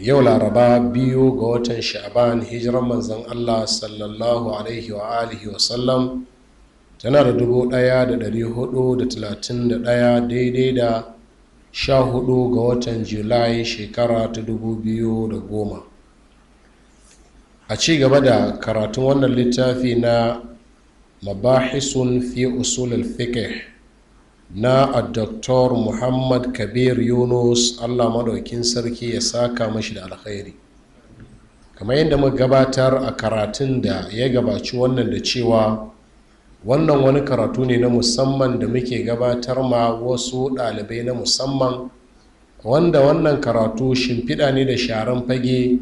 yau laraba biyu ga watan Sha'aban hijiran manzan allah sallallahu alaihi wa alihi wasallam tana da dubu daya da dari hudu da talatin da daya daidai da sha hudu ga watan julai shekara ta dubu biyu da goma a ci gaba da karatun wannan littafi na mabahisun fi usul al-fiqh na a Dr. muhammad kabir yunus allah maɗaukin sarki ya saka mashi da alkhairi kamar yadda mu gabatar a karatun da ya gabaci wannan da cewa wannan wani karatu ne na musamman da muke gabatar ma wasu ɗalibai na musamman wanda wannan karatu shimfiɗa ne da sharan fage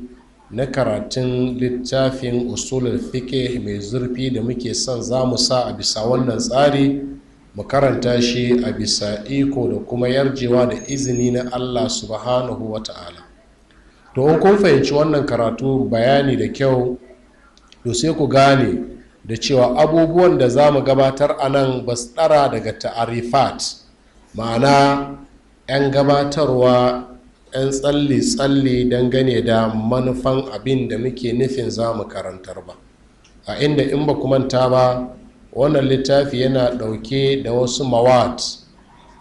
na karatun littafin usulul fiqh mai zurfi da muke son za mu sa a bisa wannan tsari mu karanta shi a bisa iko da kuma yarjewa da izini na allah subhanahu wa ta'ala to in kun fahimci wannan karatu bayani da kyau to sai ku gane da cewa abubuwan da za mu gabatar a nan ba su tsara daga ta'arifat ma'ana 'yan gabatarwa 'yan tsalle-tsalle dangane da manufan abin da muke nufin za mu karantar ba a inda in ba manta ba wannan littafi yana ɗauke da wasu mawat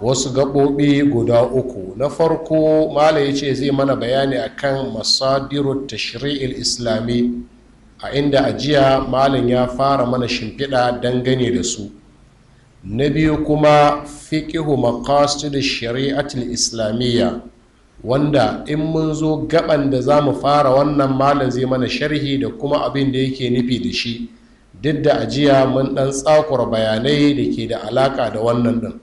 wasu gaɓoɓi guda uku na farko mala ya ce zai mana bayani akan masadiru tashri'il islami a inda ajiya malin ya fara mana shimfiɗa dangane da su na biyu kuma fiƙihu maqasid shari'atul islamiyya wanda in mun zo gaban da za mu fara wannan malin zai mana sharhi da kuma abin da yake nufi da shi duk da ajiya mun ɗan tsakura bayanai da ke da alaƙa da wannan din.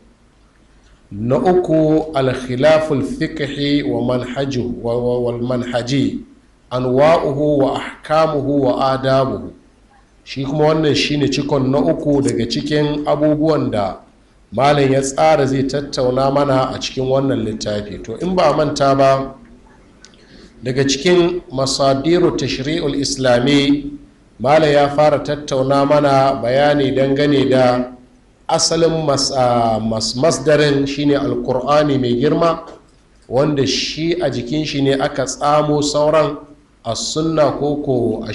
na uku alkhilaful fiqhi wa manhaju wal manhaji anwa'uhu wa ahkamuhu wa adabuhu shi kuma wannan shine cikon na uku daga cikin abubuwan da malam ya tsara zai tattauna mana a cikin wannan littafi to in ba manta ba daga cikin masadiru tashri'ul islami malam ya fara tattauna mana bayani dangane da asalin masdarin shine alkur'ani mai girma wanda shi a jikin shi ne aka tsamo sauran a sunna koko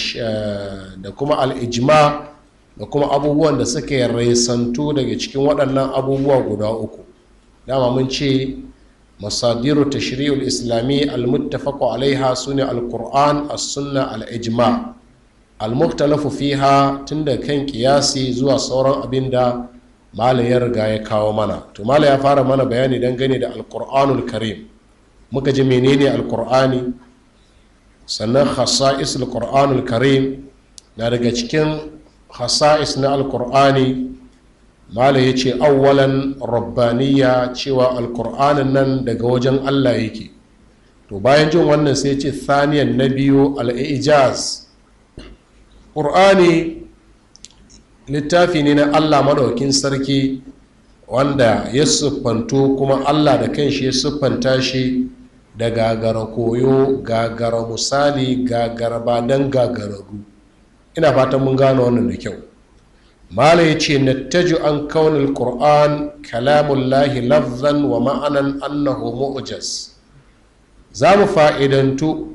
da kuma al'ijima da kuma abubuwan da suka raisantu daga cikin waɗannan abubuwa guda uku dama mun ce masadiru tashri'ul islami al muttafaqo alaiha sune al-qur'an sunna al almuktalafu fiha tun da kan kiyasi zuwa sauran abin da malam ya riga ya kawo mana to malam ya fara mana bayani dangane da alkur'anul karim muka ji menene alkur'ani sannan khasa'is alkur'anul karim na daga cikin hasa'is na alkur'ani malam ya ce awwalan rabbaniya cewa alkur'anin nan daga wajen allah yake to bayan jin wannan sai ce thaniyan na biyu al ƙur'ani littafi ne na allah maɗaukin sarki wanda ya siffanto kuma allah da kanshi ya siffanta shi da gagara koyo gagara misali gagara ba don ru ina fatan mun gano wannan da kyau mala ya ce nattaju an kaunin ƙur'an kalamullahi lafzan wa ma'anan annahu mu'ujas" za mu fa'idantu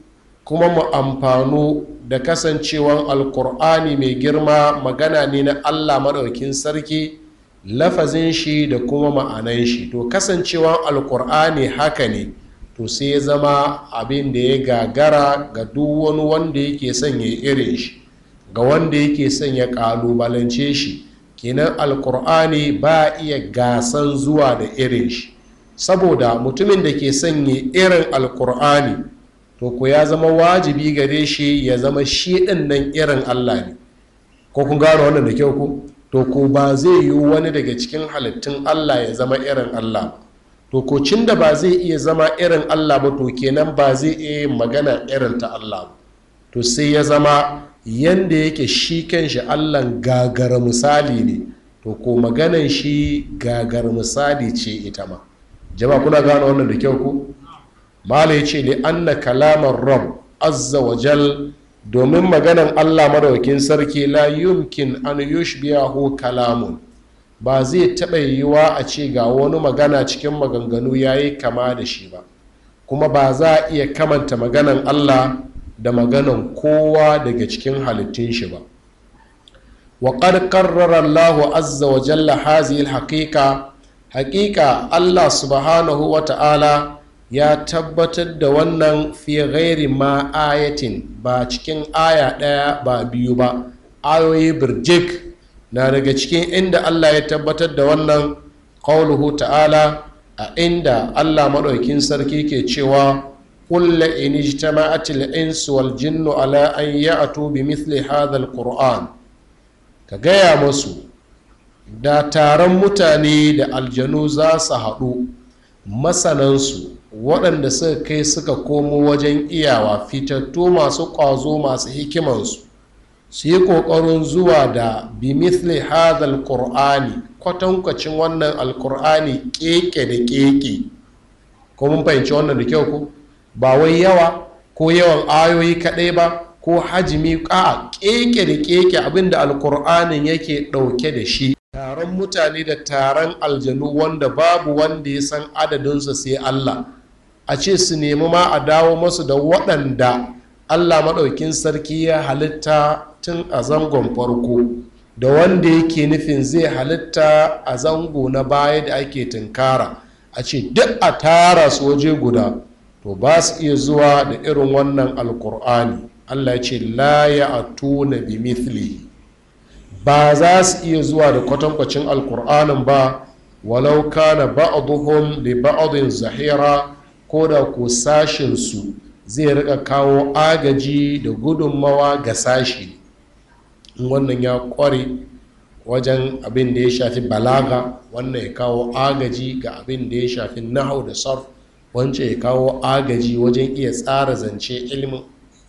kuma mu amfanu da kasancewan alkur'ani mai girma magana ne na allah maɗaukin sarki lafazin shi da kuma ma'anan shi to kasancewan alkur'ani haka ne to sai ya zama abin da ya gagara ga duk wani wanda yake son ya irin shi ga wanda yake son ya ƙalubalance shi kenan alkur'ani ba iya gasan zuwa da irin shi saboda mutumin da ke son ya irin alkur'ani to ku ya zama wajibi gare shi ya zama shi ɗin nan irin allah ne ko kun gano wannan da kyau ku to ko ba zai yi wani daga cikin halittun allah ya zama irin allah to ko cin da ba zai iya zama irin allah ba to kenan ba zai iya magana irin ta allah to sai ya zama yanda yake shi kanshi Allah gagara misali ne to ko maganan shi gagar misali ce ita ma jama'a kuna gano wannan da kyau ku mala ya ce li'anna kalamar ram azza wa domin maganan allah madaukin sarki la yumkin an kalamun ba zai taɓa yiwuwa a ce ga wani magana cikin maganganu ya yi kama da shi ba kuma ba za a iya kamanta maganan allah da maganan kowa daga cikin halittun shi ba waƙar ƙarrara lahu azza wa jalla haƙiƙa haƙiƙa allah subhanahu wa ta'ala ya tabbatar da wannan fiye gairi ma ayatin ba cikin aya ɗaya ba biyu ba ayoyi birjik na daga cikin inda allah ya tabbatar da wannan ƙauluhu ta'ala a inda allah maɗaukin sarki ke cewa kulle in ijtama'at al-insu wal jinnu ala an ya'tu bi mithli hadha al-qur'an ka gaya musu da taron mutane da aljanu za su haɗu masanansu waɗanda suka kai suka komo wajen iyawa fitattu masu ƙwazo masu hikimansu su yi ƙoƙarin zuwa da bimithli hadal ƙur'ani kwatankwacin wannan alƙur'ani ƙeƙe da ƙeƙe ko mun fahimci wannan da kyau ko ba wai yawa ko yawan ayoyi kaɗai ba ko hajimi a ƙeƙe da ƙeƙe abinda alƙur'anin yake ɗauke da shi taron mutane da taron aljanu wanda babu wanda ya san adadinsu sai allah a ce su nemi ma a dawo masu da waɗanda allah maɗaukin sarki ya halitta tun a zangon farko da wanda yake nufin zai halitta a zango na baya da ake tunkara a ce duk a tara su waje guda to ba su iya zuwa da irin wannan alkur'ani allah ya ce la a tuna bi ba za su iya zuwa da kwatankwacin alkur'anin ba walau kana ba'aduhum li ba'adin zahira ko da ku sashensu zai rika kawo agaji da gudunmawa ga sashi wannan ya kware wajen abin da ya shafi balaga wannan ya kawo agaji ga abin da ya shafi nahau da sarf Wancan ya kawo agaji wajen iya tsara zance ilimin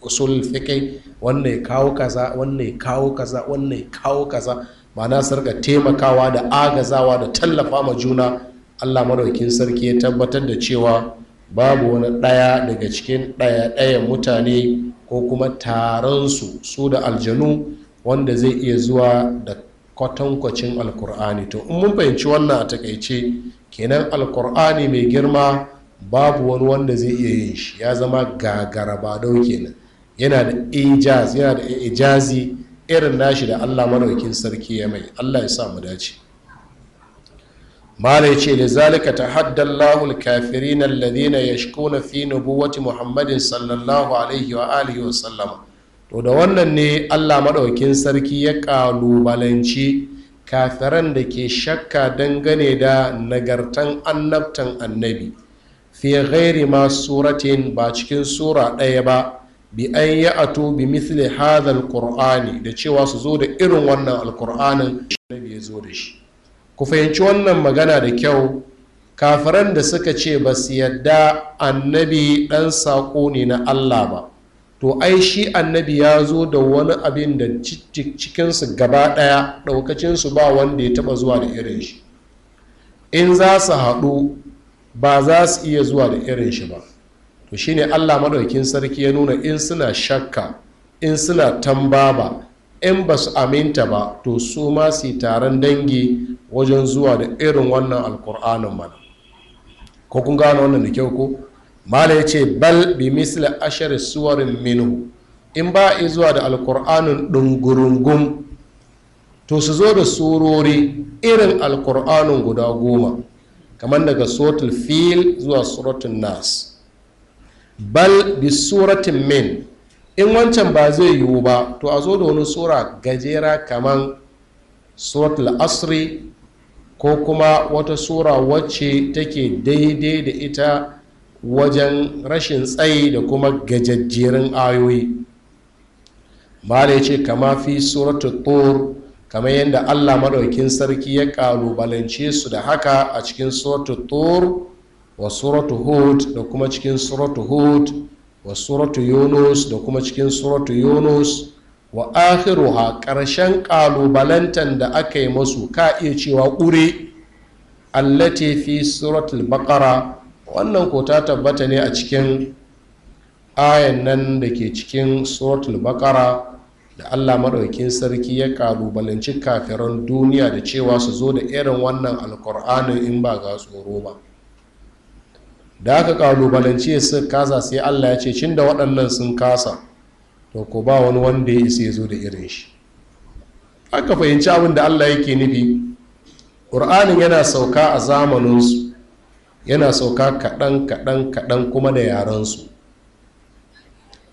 usul fikai wannan ya kawo kaza wannan ya kawo kaza wannan ya kawo kaza ma'ana su rika taimakawa da agazawa da tallafa ma juna allah maraukin sarki ya tabbatar da cewa babu wani ɗaya daga cikin ɗaya-ɗayan mutane ko kuma taronsu su da aljanu wanda zai iya zuwa da kwatankwacin alkur'ani to in mun fahimci wannan a takaice kenan alkur'ani mai girma babu wani wanda zai iya yin shi ya zama ba dau kenan yana da ijaz yana da ijazi irin nashi da allah maraukin sarki ya mai allah ya sa mu dace malai ce, "Da zalika ta ya alladhina yashkuna fi nubuwati muhammadin sallallahu alaihi wa alihi wa sallama to da wannan ne Allah maɗaukin sarki ya ƙalubalanci kafiran da ke shakka dangane da nagartan annabtan annabi fi ghairi ma suratin ba cikin sura ɗaya ba bi an yi ato bi misli hadal da cewa su zo da irin wannan alqur'anin annabi ya zo da shi ku fahimci wannan magana da kyau kafiran da suka ce ba su yadda annabi ɗan saƙo ne na allah ba to ai shi annabi ya zo da wani abin da cikinsu gaba ɗaya ɗaukacinsu ba wanda ya taɓa zuwa da irin shi in za su haɗu ba za su iya zuwa da irin shi ba to shine allah maɗaukin sarki ya nuna in suna shakka in suna tambaba in ba su aminta ba to su ma su taron dangi wajen zuwa da irin wannan alkur'anin mana ko kun gano wannan da kyau ko mala ya ce bal bi misli ashar suwarin minu in ba a zuwa da alkur'anin ɗungurungun to su zo da surori irin alkur'anin guda goma kamar daga suratul fil zuwa suratun nas bal bi suratin min in wancan ba zai yiwu ba to a zo da wani sura gajera kaman suratul asri ko kuma wata sura wacce take daidai da ita wajen rashin tsayi da kuma gajajjerin ayoyi mala ya ce kama fi suratul tur kamar yadda allah maɗaukin sarki ya ƙalubalance su da haka a cikin suratul tur wa suratul hud da kuma cikin suratul hud wa suratu yunus da kuma cikin suratu yunus wa akhiruha ƙarshen ƙalubalantan da aka yi masu ka iya cewa ƙure allati fi suratul baqara wannan ko ta tabbata ne a cikin ayan nan da ke cikin suratul baqara da allah maɗaukin sarki ya ƙalubalanci kafiran duniya da cewa su zo da irin wannan alkur'anin in ba ga tsoro ba da aka kalubalance su kasa sai allah ya ce cin da waɗannan sun kasa to ko ba wani wanda ya isa ya zo da irin shi aka fahimci abin da allah yake nufi ƙur'anin yana sauka a zamaninsu yana sauka kaɗan kaɗan kaɗan kuma da yarensu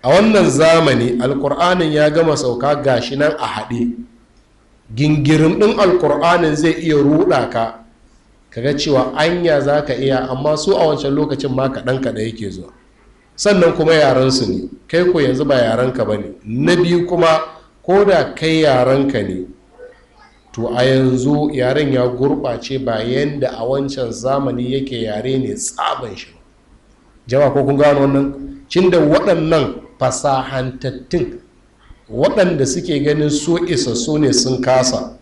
a wannan zamani alƙur'anin ya gama sauka gashi nan a haɗe gingirin ɗin alƙur'anin zai iya ruɗa ka kaga cewa anya za ka iya amma su a wancan lokacin ma kaɗan kaɗa yake zuwa sannan kuma yarensu ne kai ko yanzu ba yarenka ba ne na biyu kuma ko da kai yarenka ne to a yanzu yaren ya gurɓace ba yadda a wancan zamani yake yare ne tsaban shi jama ko kun gano wannan cin da waɗannan fasahantattun waɗanda suke ganin so isa so ne sun kasa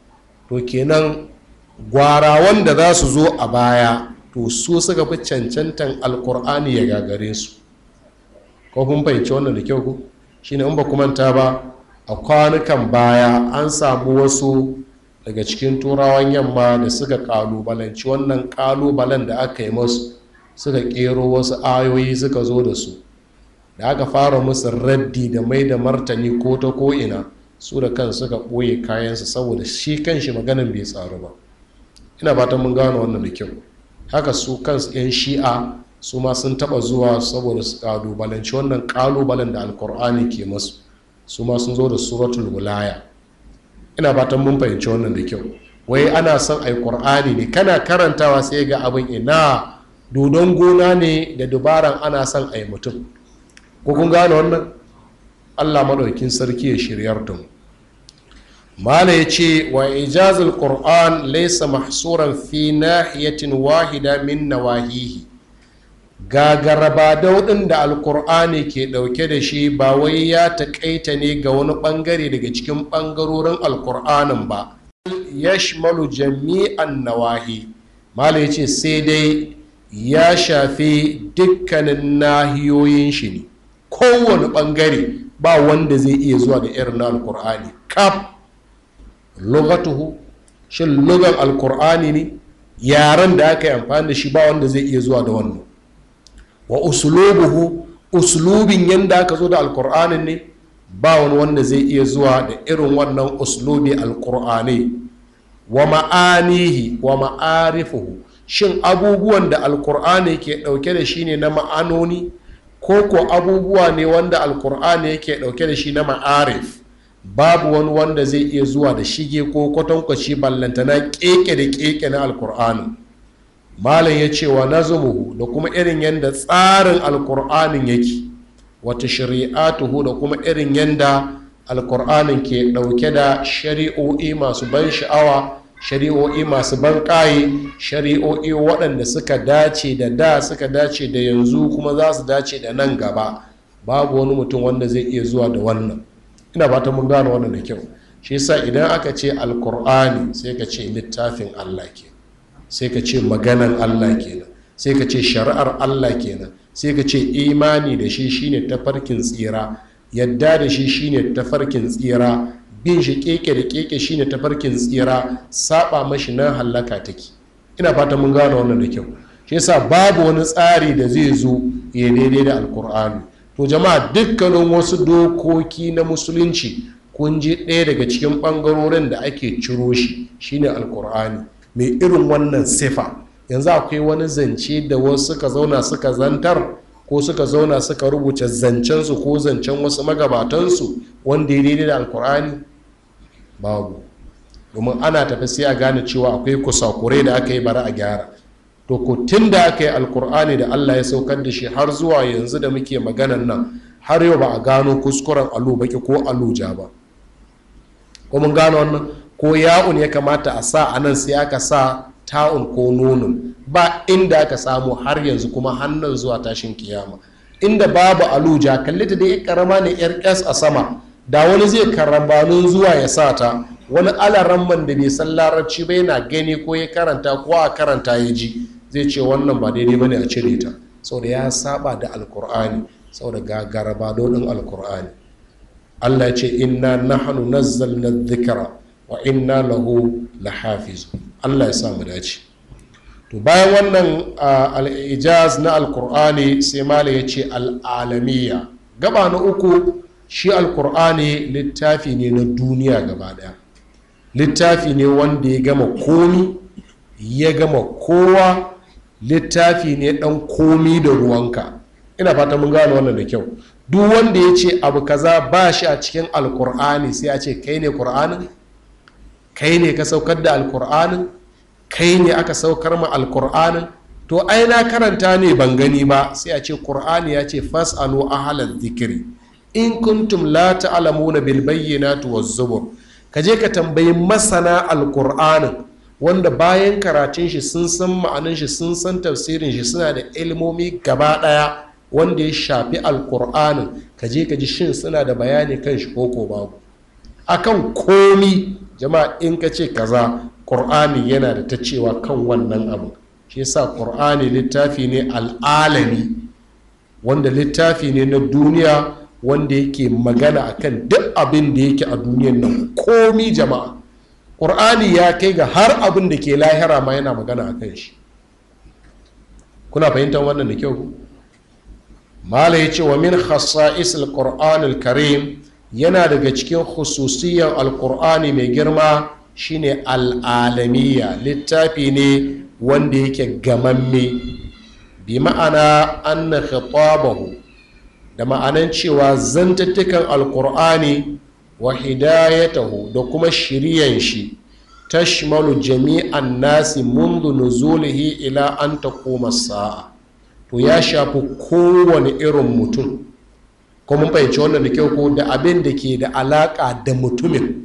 to kenan gwarawan da za su zo a baya to su suka fi cancantan alkur'ani ya gagare su ko kun fahimci wannan da kyau ku shine in ba ku manta ba a kwanukan baya an samu wasu daga cikin turawan yamma da suka kalubalanci wannan kalubalen da aka yi masu suka kero wasu ayoyi suka zo da su da aka fara musu raddi da mai da martani ko ta ko'ina su da kan suka ɓoye kayansu saboda shi kan shi maganin bai tsaru ba ina fatan mun gano wannan da kyau haka su kan 'yan shi'a su ma sun taba zuwa saboda su kalubalanci wannan kalubalen da alkur'ani ke masu su ma sun zo da suratul wulaya ina fatan mun fahimci wannan da kyau wai ana son ai qur'ani ne kana karantawa sai ga abin ina dodon gona ne da dubaran ana son ai mutum ko kun gano wannan Allah madaukin sarki ya shiryar da mu mala ya ce wa ijazul laisa mahsuran fi nahiyatin wahida min nawahihi gagaraba daudin da alkur'ani ke ɗauke da shi ba wai ya taƙaita ne ga wani ɓangare daga cikin ɓangarorin Alƙur'anin ba ya yashmalu jami'an nawahi mala ya ce sai dai ya shafi dukkanin nahiyoyin shi ne kowane ɓangare ba wanda zai iya zuwa da irin na alkur'ani kaf lugatuhu shin lugan alkur'ani ne yaren da aka yi amfani da shi ba wanda zai iya zuwa da wannan wa uslubuhu uslubin yanda aka zo da alkur'anin ne ba wani wanda zai iya zuwa da irin wannan uslubi alkur'ani wa ma'anihi wa ma'arifuhu shin abubuwan da alkur'ani ke dauke da shi ne na ma'anoni ko ko abubuwa ne wanda alkur'ani ke dauke da shi na ma'arif babu wani wanda zai iya zuwa da shige ko kwatankwaci ballantana keke da keke na alkur'ani malam ya ce wa nazumuhu da kuma irin yadda tsarin alkur'anin yake wata tuhu da kuma irin yadda alkur'anin ke dauke da shari'o'i masu ban sha'awa shari'o'i masu ban ƙaye shari'o'i waɗanda suka dace da da suka dace da yanzu kuma za su dace da nan gaba babu wani mutum wanda zai iya zuwa da wannan ina fata ta mun gano wannan da kyau shi yasa idan aka ce alkur'ani sai ka ce littafin allah ke sai ka ce maganan allah kenan sai ka ce shari'ar allah kenan sai ka ce imani da shi shine tafarkin tsira yadda da shi shine tafarkin tsira bin shi keke da keke shine tafarkin tsira saba mashi nan hallaka take ina fata mun gano wannan da kyau shi yasa babu wani tsari da zai zo ya daidai da alkur'ani to jama'a dukkanin wasu dokoki na musulunci kun ji ɗaya daga cikin ɓangarorin da ake ciro shi shine alkur'ani mai irin wannan sifa yanzu akwai wani zance da wasu suka zauna suka zantar ko suka zauna suka rubuta zancensu ko zancen wasu magabatansu wanda ya daidai da alkur'ani babu domin ana tafi sai a gane cewa akwai kusakurai da aka yi bara a gyara to ku tun da aka yi alkur'ani da allah ya saukar da shi har zuwa yanzu da muke maganan nan har yau ba a gano kuskuren alu baki ko aluja ba ko mun gano wannan ko ya'un ya kamata a sa a nan sai aka sa ta'un ko nunun? ba inda aka samu har yanzu kuma hannun zuwa tashin kiyama inda babu aluja kalli ta dai karama ne yar s a sama da wani zai karambanu zuwa ya sa ta wani alaramman da bai san larabci bai na gani ko ya karanta ko a karanta ya ji zai ce wannan ba daidai bane a cire ta saboda ya saba da alkur'ani saboda gagara ba dodin alkur'ani Allah ya ce inna nahnu nazzalna dhikra wa inna lahu lahafiz Allah ya sa mu dace to bayan wannan al na alkur'ani sai malai ya ce al-alamiya gaba na uku shi alkur'ani littafi ne na duniya gaba daya littafi ne wanda ya gama komi ya gama kowa littafi ne ɗan komi da ruwanka ina fata mun gano wannan da kyau duk wanda ya ce abu kaza ba shi a cikin alkur'ani sai a ce kai ne kur'anin kai ne ka saukar da alkur'anin kai ne aka saukar ma alkur'anin to ai na karanta ne ban gani ba sai a ce kur'ani ya ce fas'alu ahlal zikiri in kuntum la ta'lamuna bil bayyinati waz zubur ka je ka tambayi masana alkur'anin wanda bayan karatun shi sun san ma'anin shi sun san tafsirin shi suna da ilmomi gaba ɗaya wanda ya shafi alkur'anin ka je ka ji shin suna da bayani kan shi ko babu akan komi jama'a in ka ce kaza ƙur'ani yana da ta cewa kan wannan abu shi yasa ƙur'ani littafi ne al'alami wanda littafi ne na duniya wanda yake magana akan duk abin da yake a duniyan nan komi jama'a ƙur'ani ya kai ga har abin da ke lahira ma yana magana a kan shi kuna fahimtar wannan da kyau mala ya ce wa min khassa'is al karim yana daga cikin al alƙur'ani mai girma shine al'alamiya littafi ne wanda yake gamamme bi ma'ana anna khitabahu da ma'anan cewa zantattukan alkur'ani wa hidayatahu da kuma shiryan shi tashmalu jami'an nasi mundu nuzulihi ila an taquma sa'a to ya shafi kowane irin mutum ko mun fahimci wannan da kyau ko da abin da ke da alaka da mutumin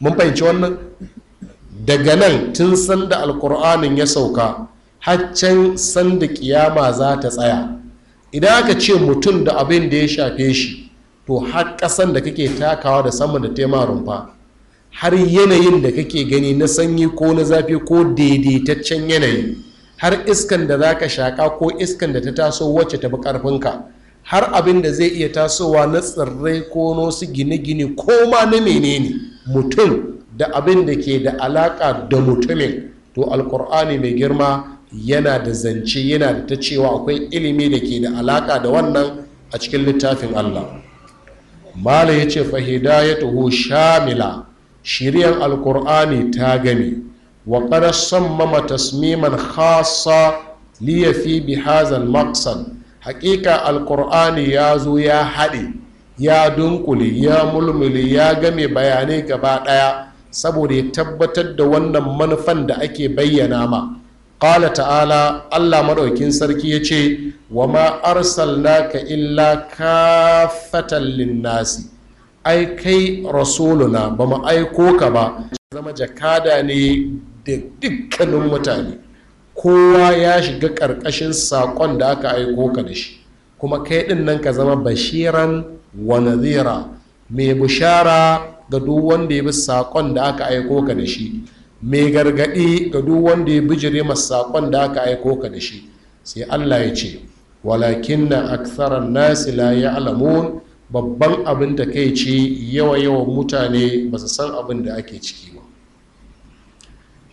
mun fahimci wannan daga nan tun sanda alkur'anin ya sauka haccan sanda kiyama za ta tsaya idan aka ce mutum da abin da ya shafe shi to har kasan da kake takawa da saman da tema rumfa har yanayin da kake gani na sanyi ko na zafi ko daidaitaccen yanayi har iskan da zaka shaƙa ko iskan da ta taso wacce ta fi ƙarfinka har abin da zai iya tasowa na tsirrai ko nosu gine-gine ko ma na menene mutum da abin da ke da alaƙa da mutumin to alkur'ani mai girma yana da zance yana da ta cewa akwai ilimi da ke da alaƙa da wannan a cikin littafin allah mala ya ce fahidayatuhu shamila shiryan alkur'ani ta gami, wa qad sammama tasmiman khassa liyafi bi hazal maqsad alkur'ani ya zo ya haɗe ya dunkule ya mulmule ya game bayanai gaba ɗaya saboda ya tabbatar da wannan manufan da ake bayyana ma ƙala ta'ala allah maɗaukin sarki ya ce wa ma arsalnaka illa kafatan linnasi ai kai rasuluna ba mu aiko ka ba zama jakada ne da dukkanin mutane kowa ya shiga ƙarƙashin saƙon da aka aiko ka da shi kuma kai ɗin nan ka zama bashiran wa nazira mai bushara ga duk wanda ya bi saƙon da aka aiko ka da shi mai gargaɗi ga duk wanda ya bijire masu saƙon da aka aiko ka da shi sai allah ya ce walakin na aksarar nasi la ya alamun babban abin da kai ce yawa yawan mutane ba su san abin da ake ciki ba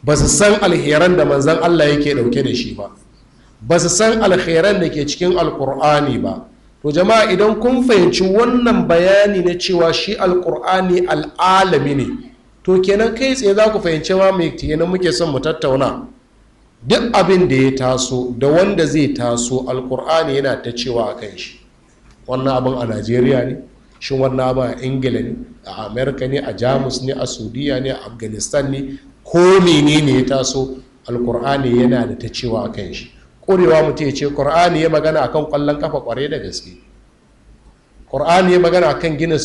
ba su san alheran da manzan allah yake ɗauke da shi ba ba su san alheran da ke cikin alkur'ani ba to jama'a idan kun fahimci wannan bayani na cewa shi alkur'ani al'alami ne to kenan kai tsaye za ku fahimci ma mai kenan muke son mu tattauna duk abin da ya taso da wanda zai taso alkur'ani yana ta cewa a kan shi wannan abin a najeriya ne shin wannan abin a ingila ne a amerika ne a jamus ne a saudiya ne a afghanistan ne ko ne ya taso alkur'ani yana da ta cewa a kan shi ƙurewa mutum ya ce ƙur'ani ya magana akan ƙwallon kafa ƙware da gaske ƙur'ani ya magana akan gina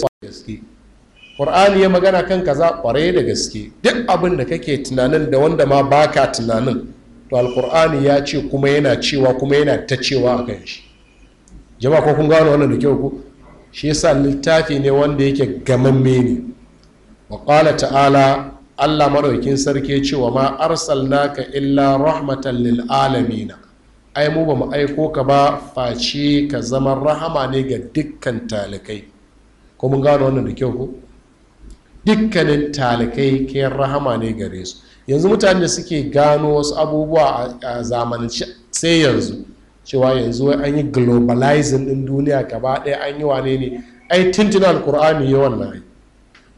ƙur'ani ya magana kan za ƙwarai da gaske duk abin da kake tunanin da wanda ma baka tunanin to alƙur'ani ya ce kuma yana cewa kuma yana ta cewa a kan shi jama'a ko kun gano wannan da kyau ku shi yasa littafi ne wanda yake gamamme ne wa qala ta'ala Allah maɗaukin sarki cewa ma arsal arsalnaka illa rahmatan lil alamina ai mu ba mu aiko ka ba face ka zama rahama ne ga dukkan talikai ko mun gano wannan da kyau ku? dukkanin talikai kayan rahama ne gare su yanzu mutane da suke gano wasu abubuwa a zamanance sai yanzu cewa yanzu an yi globalizing din duniya gaba ɗaya an yi wane ne ai tintina alkur'ani ya wannan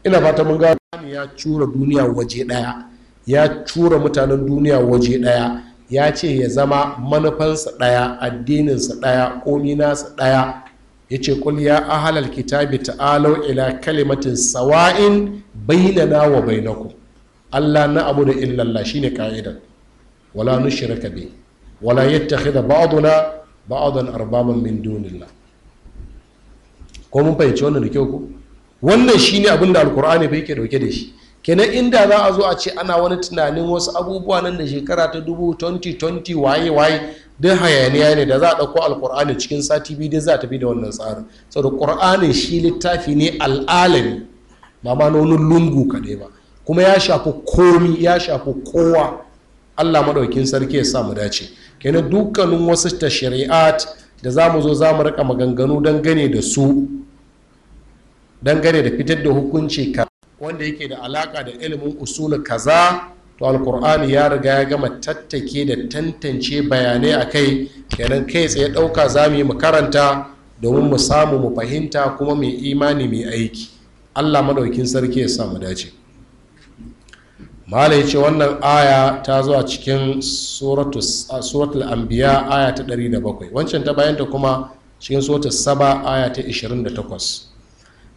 ina fata mun gano ya cura duniya waje ɗaya ya cura mutanen duniya waje ɗaya ya ce ya zama manufansa ɗaya addininsa ɗaya komi nasa ɗaya ya ce kul ya ahalal kitabi ta'alau ila kalimatin sawa'in bainana wa bainakum Allah na abu da illallah shine ka'idan wala nushrika bi wala yattakhidha ba'duna ba'dan arbaban min dunillah ko mun fahimci wannan da kyau ku? wannan shine abin da alqur'ani bai ke dauke da shi kenan inda za a zo a ce ana wani tunanin wasu abubuwa nan da shekara ta 2020 waye waye duk hayaniya ne da za a ɗauko alkur'ani cikin sati biyu dai za a tafi da wannan tsarin saboda ƙur'ani shi littafi ne al'alami ba ma na wani lungu kaɗai ba kuma ya shafi komi ya shafi kowa allah maɗaukin sarki ya sa mu dace kenan dukkanin wasu ta shari'at da za mu zo za mu rika maganganu dangane da su dangane da fitar da hukunci wanda yake da alaka da ilimin usulun kaza to alkur'ani ya riga ya gama tattake da tantance bayanai a kai kenan kai tsaye ɗauka za mu yi mu karanta domin mu samu mu fahimta kuma mai imani mai aiki allah maɗaukin sarki ya samu dace malai ce wannan aya ta zo cikin suratul anbiya aya ta 107 wancan ta bayanta kuma cikin suratul saba aya ta 28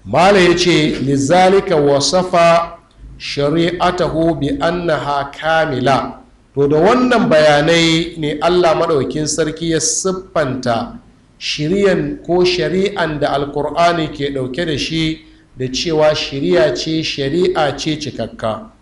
malai ce lizalika wasafa shari'atahu bi annaha kamila to da wannan bayanai ne allah maɗaukin sarki ya siffanta shiriyan ko shari'an da alkur'ani ke ɗauke da shi da cewa shari'a ce shari'a ce cikakka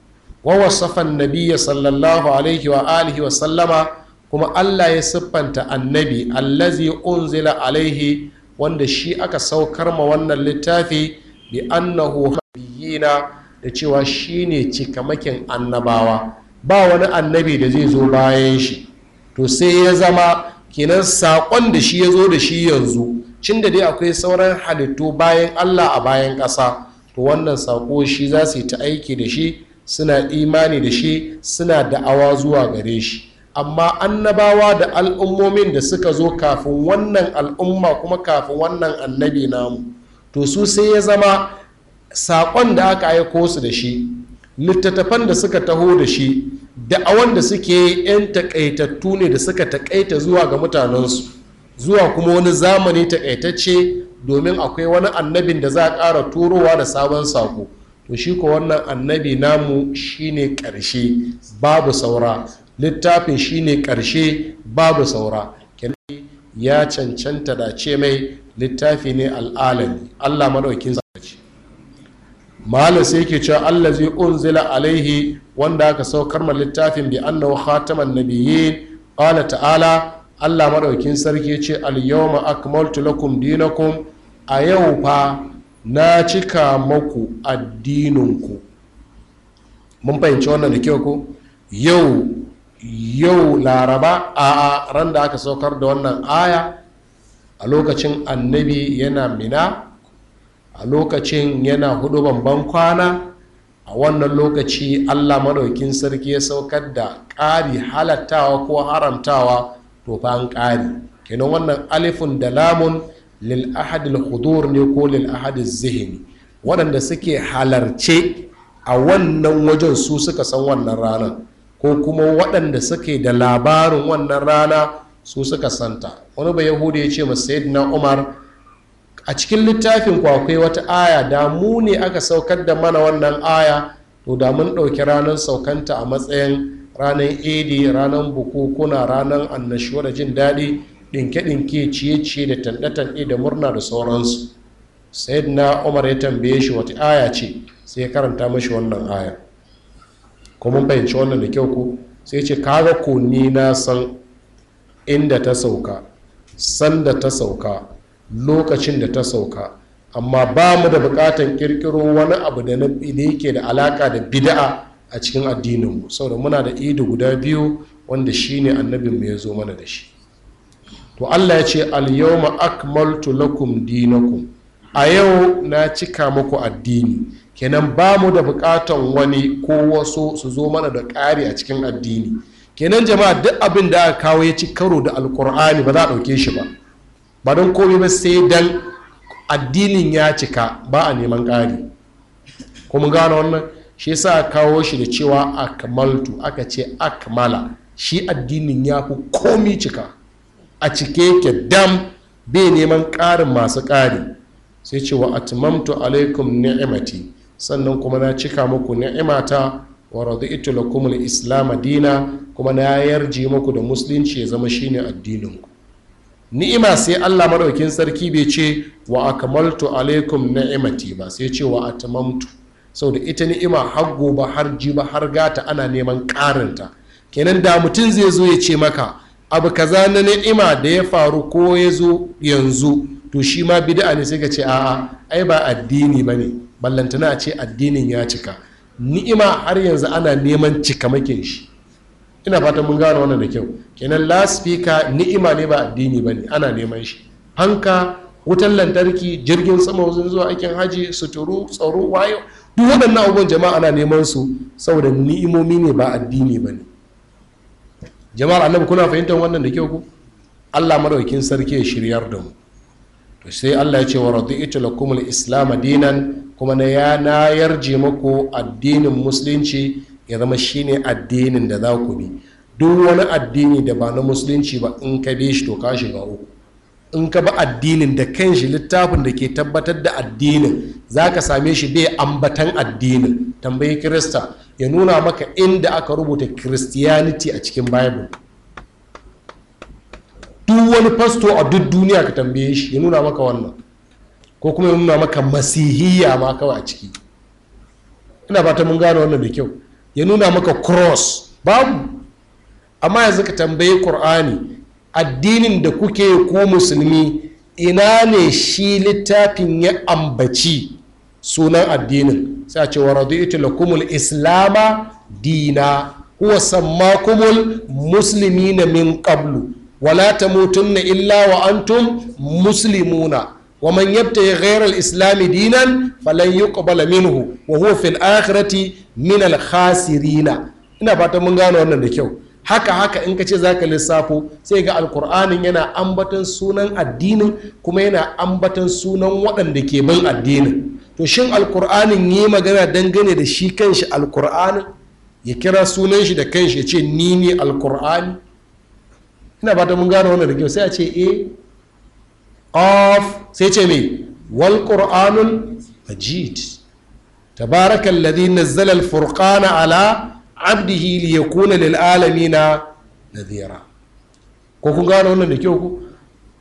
wa wasafan nabiya sallallahu alaihi wa alihi wa sallama kuma allah ya siffanta annabi allazi unzila alaihi wanda shi aka saukar ma wannan littafi bi annahu nabiyina da cewa shi ne cikamakin annabawa ba wani annabi da zai zo bayan shi to sai ya zama kinan saƙon da shi ya zo da shi yanzu cin da dai akwai sauran halittu bayan allah a bayan ƙasa to wannan saƙo shi za su yi ta aiki da shi suna imani da shi suna da'awa zuwa gare shi amma annabawa da al'ummomin da suka zo kafin wannan al'umma kuma kafin wannan annabi namu to su sai ya zama saƙon da aka aiko su da shi littattafan da suka taho da shi da'awan da suke 'yan takaitattu ne da suka taƙaita zuwa ga mutanensu zuwa kuma wani zamani takaitacce domin akwai wani annabin da za a ƙara turowa da sabon saƙo to shi ko wannan annabi namu shine ƙarshe babu saura littafin shine ƙarshe babu saura ya cancanta da ce mai littafi ne al'alami allah maɗaukin malam sai ke cewa allazi unzila alaihi wanda aka saukar ma littafin bi annahu khataman nabiyyin qala ta'ala Allah madaukin sarki ce al-yawma akmaltu lakum dinakum a yau fa na cika maku addininku mun fahimci wannan da kyau ko yau yau laraba a ran da aka saukar da wannan aya a lokacin annabi yana mina a lokacin yana hudu ban kwana a wannan lokaci allah maɗaukin sarki ya saukar da ƙari halattawa ko haramtawa to fa an ƙari kenan wannan alifin da lamun lil ahadil hudur ne ko lil ahadil zihini waɗanda suke halarce a wannan wajen su suka san wannan rana, ko kuma waɗanda suke da labarin wannan rana su suka santa wani ba yahudi ya ce ma sayyidina umar a cikin littafin ku wata aya da mu ne aka saukar da mana wannan aya to da mun ɗauki ranar saukanta a matsayin ranar edi ranar bukukuna ranar annashuwa da jin daɗi ɗinke-ɗinke ciye-ciye da tanɗe-tanɗe da murna da sauransu na umar ya tambaye shi wata aya ce sai ya karanta mashi wannan aya Kuma mun fahimci wannan da kyau ko sai ce kaga ko ni na san inda ta sauka sanda ta sauka lokacin da ta sauka amma ba mu da bukatan kirkiro wani abu da yake da alaka da bida'a a cikin addininmu saboda muna da idi guda biyu wanda shi shine mu ya zo mana da shi to allah ya ce alyawma akmaltu lakum dinakum a yau na cika muku addini kenan ba mu da bukatan wani ko wasu su zo mana da ƙari a cikin addini kenan jama'a duk abin da aka kawo ya ci karo da alkur'ani ba za a ɗauke shi ba ba don komai ba sai dan addinin ya cika ba a neman ƙari kuma gano wannan shi sa kawo shi da cewa akmaltu aka ce akmala shi addinin ya fi komi cika a cike ke dam bai neman ƙarin masu ƙari sai cewa atmamtu alaikum ni'imati sannan kuma na cika muku ni'imata wa raditu lakum al-islam dina kuma na yarje muku da musulunci ya zama shine addinin ku ni'ima sai allah maɗaukin sarki bai ce wa akamaltu alaikum ni'imati ba sai ce wa atamamtu saboda ita ni'ima har gobe har jiba har gata ana neman karinta kenan da mutum zai zo ya ce maka abu kaza na ni'ima da ya faru ko ya zo yanzu to shi ma bid'a ne sai ka ce a'a ai ba addini bane ballantana a ce addinin ya cika ni'ima har yanzu ana neman cikamakin shi ina fatan mun gano wannan da kyau kenan speaker ni'ima ne ba addini ba ne ana neman shi hanka wutan lantarki jirgin sama wajen zuwa aikin haji suturu tsaro wayo duk waɗannan abubuwan jama'a ana neman su saboda ni'imomi ne ba addini ba ne jama'ar annabi kuna fahimtar wannan da kyau ku allah madaukin sarki ya shiryar da mu to sai allah ya ce wa radiitu lakum al-islam dinan kuma na na yarje muku addinin musulunci ya zama shine addinin da za ku bi duk wani addini da ba na musulunci ba in ka bi shi to ka shiga uku in ka bi addinin da kan shi littafin da ke tabbatar da addinin za ka same shi bai ambatan addinin tambayi kirista ya nuna maka inda aka rubuta christianity a cikin bible duk wani fasto a duk duniya ka tambaye shi ya nuna maka wannan ko kuma ya nuna maka masihiyya ma kawai a ciki ina fata mun gane wannan da kyau ya nuna maka cross babu amma yanzu ka tambayi Kur'ani. addinin da kuke ko musulmi ina ne shi littafin ya ambaci sunan addinin sai a ce wa raditu lakumul islama dina huwa sammakumul muslimina min qablu wala tamutunna illa wa antum muslimuna wa man yabtaghi ghayra al-islam dinan falan yuqbala minhu wa huwa fil akhirati min khasirina ina fatan mun gano wannan da kyau haka haka in ka ce zaka lissafo sai ga alkur'anin yana ambaton sunan addinin kuma yana ambatan sunan waɗanda ke bin addinin to shin alkur'anin yi magana dangane da shi kanshi alkur'anin ya kira sunan shi da kanshi ya ce ni ne alkur'ani ina fatan mun gano wannan da kyau sai a ce eh of sai ce mai wal qur'anul majid tabarakan alladhi na al furkana ala abdihi li yakuna lil alamina nadhira ko kun gano wannan da kyau ku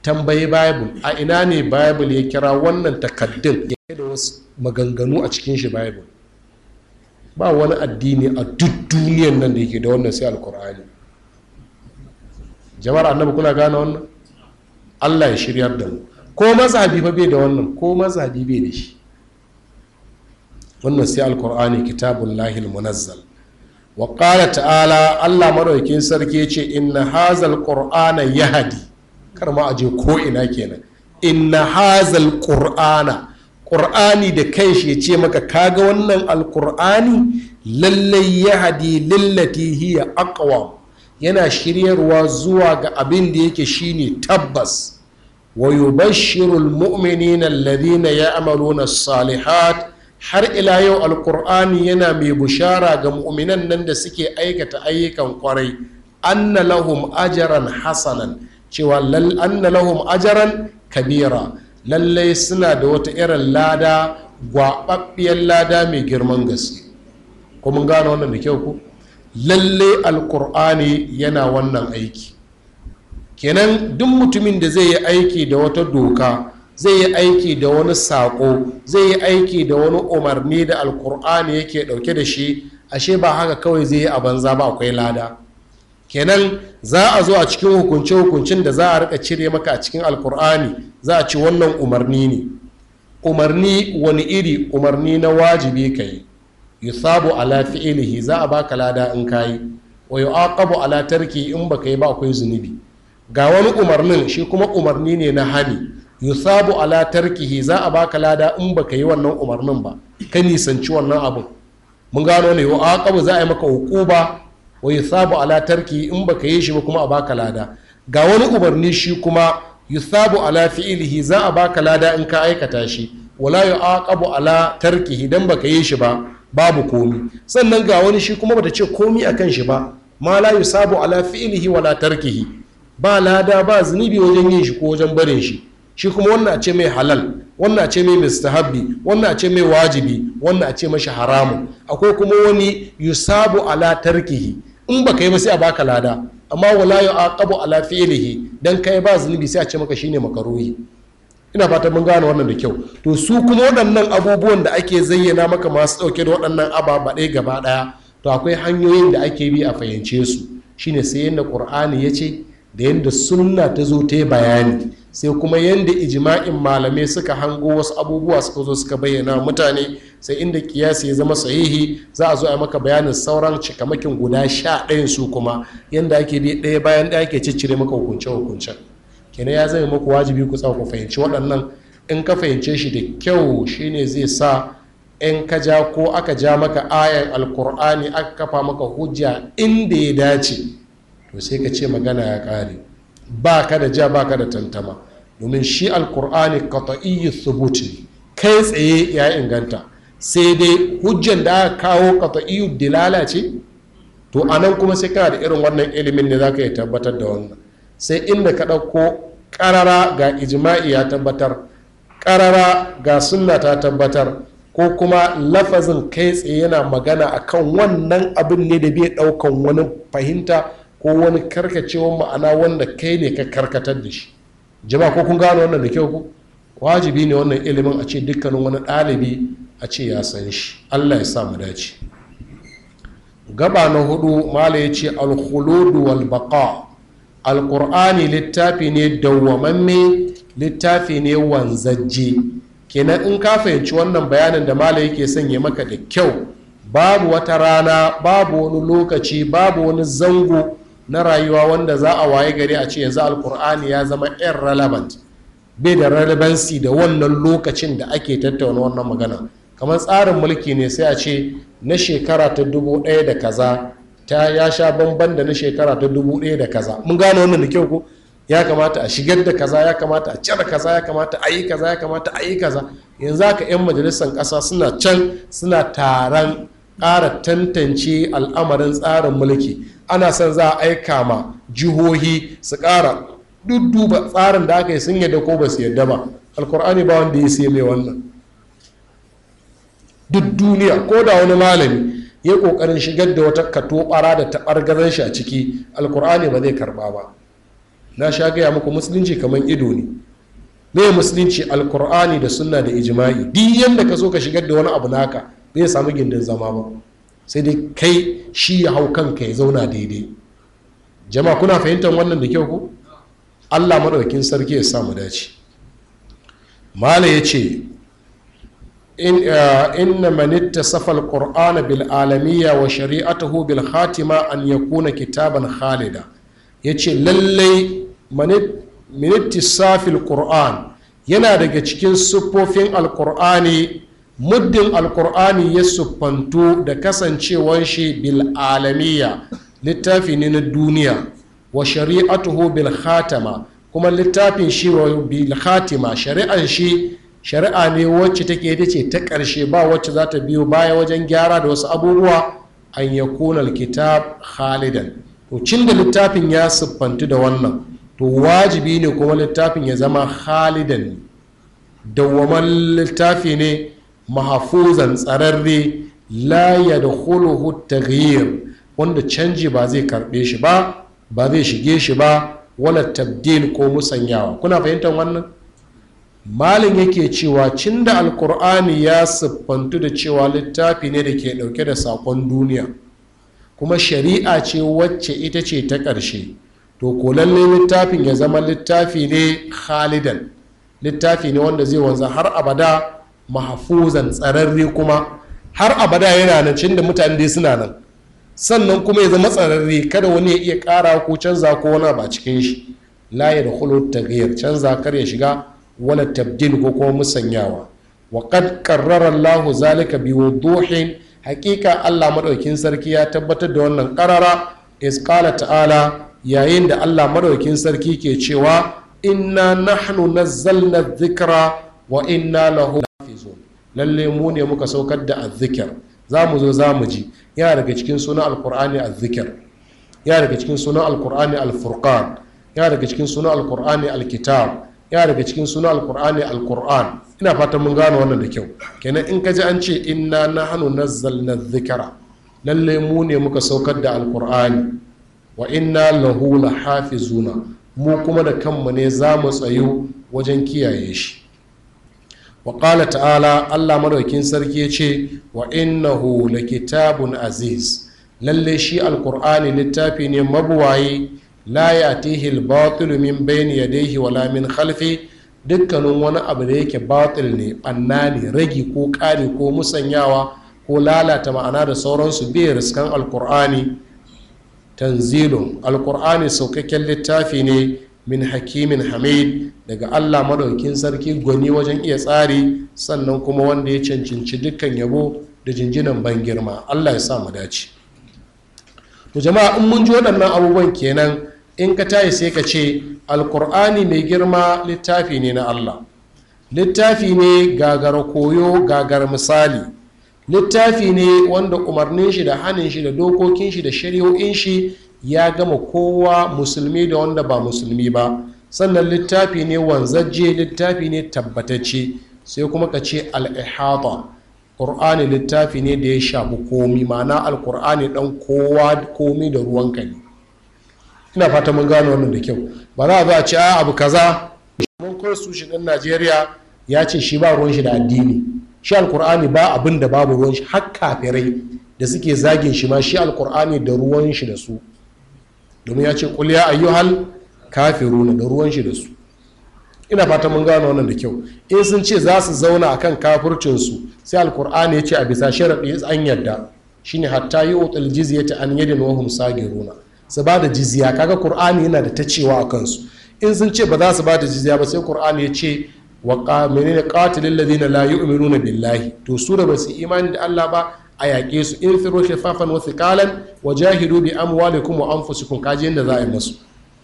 tambayi bible a ina ne bible ya kira wannan takaddun ya da wasu maganganu a cikin shi bible ba wani addini a duk duniyan nan da yake da wannan sai alkur'ani jama'ar annabi kuna gane wannan allah ya shiryar da mu ko mazhabi fa bai da wannan ko mazhabi bai da shi wannan sai alkur'ani kitabun lahil munazzal wa qala ta'ala allah maraukin sarki ce inna hazal qur'ana yahadi kar ma aje ko ina kenan inna hazal qur'ana qur'ani da kai ya ce maka kaga wannan alkur'ani lallai yahadi lillati hiya aqwam yana shiryarwa zuwa ga abin da yake shine tabbas wa yubashshirul mu'minina alladhina ya'maluna salihat har ila yau alqur'ani yana mai bushara ga mu'minan nan da suke aikata ayyukan kwarai anna lahum ajran hasanan cewa anna lahum ajran kabira lallai suna da wata irin lada gwababbiyar lada mai girman gaske kuma gane wannan da kyau ko lalle alkur'ani yana wannan aiki kenan duk mutumin da zai yi aiki da wata doka zai yi aiki da wani saƙo zai yi aiki da wani umarni da alkur'ani yake ɗauke da shi ashe ba haka kawai zai yi a banza ba akwai lada kenan za a zo a cikin hukunce-hukuncin da za a rika cire maka a cikin alkur'ani za a ci wannan umarni ne umarni wani iri umarni na wajibi ka yi yusabu ala fi'ilihi za a baka lada in kayi wa yu'aqabu ala tarki in baka yi ba akwai zunubi ga wani umarnin shi kuma umarni ne na hani yusabu ala tarkihi za a baka lada in baka yi wannan umarnin ba ka nisanci wannan abin mun gano ne yu'aqabu za a yi maka hukuba wa yusabu ala latarki in baka yi shi ba kuma a baka lada ga wani umarni shi kuma yusabu ala fi'ilihi za a baka lada in ka aikata shi wala yu'aqabu ala tarkihi dan baka yi shi ba babu komi sannan ga wani shi kuma bata ce komi a kan shi ba ma la yusabu ala fi'lihi wala tarkihi ba lada ba zunubi wajen yin shi ko wajen barin shi shi kuma wannan a ce mai halal wannan a ce mai mustahabbi wannan a ce mai wajibi wannan a ce mashi haramu akwai kuma wani yusabu ala tarkihi in baka yi ba sai a baka lada amma wala yu'aqabu ala fi'lihi dan kai ba zunubi sai a ce maka shi ne makaruhi ina fatan mun gane wannan da kyau to su kuma waɗannan abubuwan da ake zayyana maka masu ɗauke da waɗannan ababaɗe gaba ɗaya to akwai hanyoyin da ake bi a fahimce su shine sai yadda ƙur'ani ya ce da yadda sunna ta zo ta bayani sai kuma yadda ijma'in malamai suka hango wasu abubuwa suka zo suka bayyana mutane sai inda kiyasi ya zama sahihi za a zo a maka bayanin sauran cikamakin guda sha ɗayan su kuma yadda ake bi ɗaya bayan ɗaya ake ciccire maka hukunce hukuncen kenan ya zama muku wajibi ku tsawo ku fahimci waɗannan in ka fahimce shi da kyau shine zai sa in ka ja ko aka ja maka ayan alkur'ani aka kafa maka hujja inda ya dace to sai ka ce magana ya ƙare ba ka da ja ba ka da tantama domin shi alkur'ani qat'iyyu thubut ne kai tsaye ya inganta sai dai hujjan da aka kawo qat'iyyu dilala ce to anan kuma sai kana da irin wannan ilimin ne zaka iya tabbatar da wannan sai inda ka ɗauko ƙarara ga ijma'i ya tabbatar ƙarara ga sunna ta tabbatar ko kuma lafazin kai tsaye yana magana a kan wannan abin ne da bai ɗaukan wani fahimta ko wani karkacewar ma'ana wanda kai ne ka karkatar da shi jama'a ko kun gano wannan da kyau ku wajibi ne wannan ilimin a ce dukkanin wani ɗalibi a ce ya san shi allah ya sa mu dace gaba na hudu mala ya ce alkhuludu wal baqa alƙur'ani littafi ne dawwamamme littafi ne wanzajje kenan in ka fahimci wannan bayanin da mala yake sanya maka da kyau babu wata rana babu wani lokaci babu wani zango na rayuwa wanda za a waye gari a ce yanzu Alƙur'ani ya zama irrelevant bai da relevancy da wannan lokacin da ake tattauna wannan magana kamar tsarin mulki ne sai a ce na shekara ta dubu ɗaya da kaza ta ya sha bamban da na shekara ta dubu ɗaya da kaza mun gane wannan da kyau ko ya kamata a shigar da kaza ya kamata a cire kaza ya kamata a yi kaza ya kamata a yi kaza yanzu haka 'yan majalisar ƙasa suna can suna taron ƙara tantance al'amarin tsarin mulki ana son za a aika ma jihohi su ƙara dudduba tsarin da aka yi sun yadda ko ba su yadda ba alkur'ani ba wanda ya sai mai wannan duk duniya ko da wani malami ya kokarin shigar da wata katobara da gazan shi a ciki alkur'ani ba zai karba ba na sha gaya muku musulunci kamar ido ne me musulunci alkur'ani da sunna da ijma'i duk yanda ka so ka shigar da wani abu naka zai samu gindin zama ba sai dai kai shi ya hau kanka ya zauna daidai jama'a kuna fahimtar wannan da kyau ku allah maɗaukin sarki ya samu dace mala ya ce inna manitta safal qur'ana bil alamiya wa shari'atuhu bil khatima an yakuna kitaban khalida yace lallai manitti safil yana daga cikin siffofin alqur'ani muddin alqur'ani ya sufantu da kasancewar shi bil alamiya littafi ne na duniya wa shari'atuhu bil khatama kuma littafin shi wa bil khatima shari'an shi shari'a ne wacce take ita ce ta ƙarshe ba wacce za ta biyo baya wajen gyara da wasu abubuwa an ya kuna kitab khalidan to cin da littafin ya siffantu da wannan to wajibi ne kuma littafin ya zama khalidan dawwaman littafi ne mahafuzan tsararre la ya da taghyir wanda canji ba zai karbe shi ba ba zai shige shi ba wala tabdil ko musanyawa kuna fahimtar wannan malin yake cewa cin da alkur'ani ya siffantu da cewa littafi ne da ke dauke da sakon duniya kuma shari'a ce wacce ita ce ta ƙarshe to ko lalle littafin ya zama littafi ne khalidan littafi ne wanda zai wanzu har abada mahafuzan tsararri kuma har abada yana nan cin da mutane dai suna nan sannan kuma ya zama tsararri kada wani ya iya kara ko canza ko wani ba cikin shi la ya da canza kar ya shiga wala tabdil ko kuma musanyawa wa qad qarrara Allah zalika bi wuduhin haqiqa Allah madaukin sarki ya tabbatar da wannan qarara is qala ta'ala yayin da Allah madaukin sarki ke cewa inna nahnu nazzalna dhikra wa inna lahu hafizun lalle mu ne muka saukar da azzikir za mu zo za mu ji yana daga cikin sunan alqur'ani azzikir yana daga cikin sunan alqur'ani alfurqan yana daga cikin sunan alqur'ani alkitab ya daga cikin suna alkur'ani alkur'an ina fatan mun gano wannan da kyau kenan in ka ji an ce inna nahnu na zikara? lalle mu ne muka saukar da alkur'ani wa inna lahu zuna? mu kuma da kanmu ne za mu tsayo wajen kiyaye shi wa qala ta'ala Allah madaukin sarki ya ce wa innahu kitabun aziz lalle shi alkur'ani littafi ne mabuwaye la ya'tihi al-batil min bayni yadayhi wala min khalfi dukkanin wani abu da yake batil ne banna ragi ko kare ko musanyawa ko lalata ma'ana da sauransu bi riskan alkur'ani tanzilun alkur'ani saukakken littafi ne min hakimin hamid daga allah madaukin sarki gwani wajen iya tsari sannan kuma wanda ya cancanci dukkan yabo da jinjinan ban girma allah ya sa mu dace to jama'a in mun ji waɗannan abubuwan kenan in ka tayi sai ka ce alkur'ani mai girma littafi ne na allah littafi ne gagara koyo gagar misali littafi ne wanda umarnin shi da hannun shi da dokokin shi da shari'o'in shi ya gama kowa musulmi da wanda ba musulmi ba sannan littafi ne wanzajje littafi ne tabbatacce sai kuma ka ce al'ihata ƙur'ani littafi ne da ya shafi komi ma'ana al'ƙur'ani ɗan kowa komi da ruwan ne ina fata mun gano wannan da kyau ba za a zo a ce a ah, abu kaza mun kai shi ɗin najeriya ya ce shi ba ruwan shi da addini shi alkur'ani ba abin da babu ruwan shi har kafirai da suke zagin shi ma shi alkur'ani da ruwan shi da su domin ya ce kul ya ayyuhal kafiruna da ruwan shi da su ina fata mun gano wannan da kyau in sun ce za su zauna akan su sai alkur'ani ya ce a bisa sharaɗi an yarda shine hatta yi jizyata an yadin wahum sagiruna su ba da jizya kaga Kur'ani yana da ta cewa a kansu in sun ce ba za su ba da jizya ba sai Kur'ani ya ce wa menene qatilil ladina la yu'minuna billahi to su da ba su imani da Allah ba a yaƙe su in firo fafan wasu kalan wa jahidu bi amwalikum wa anfusikum kaji yadda za a yi musu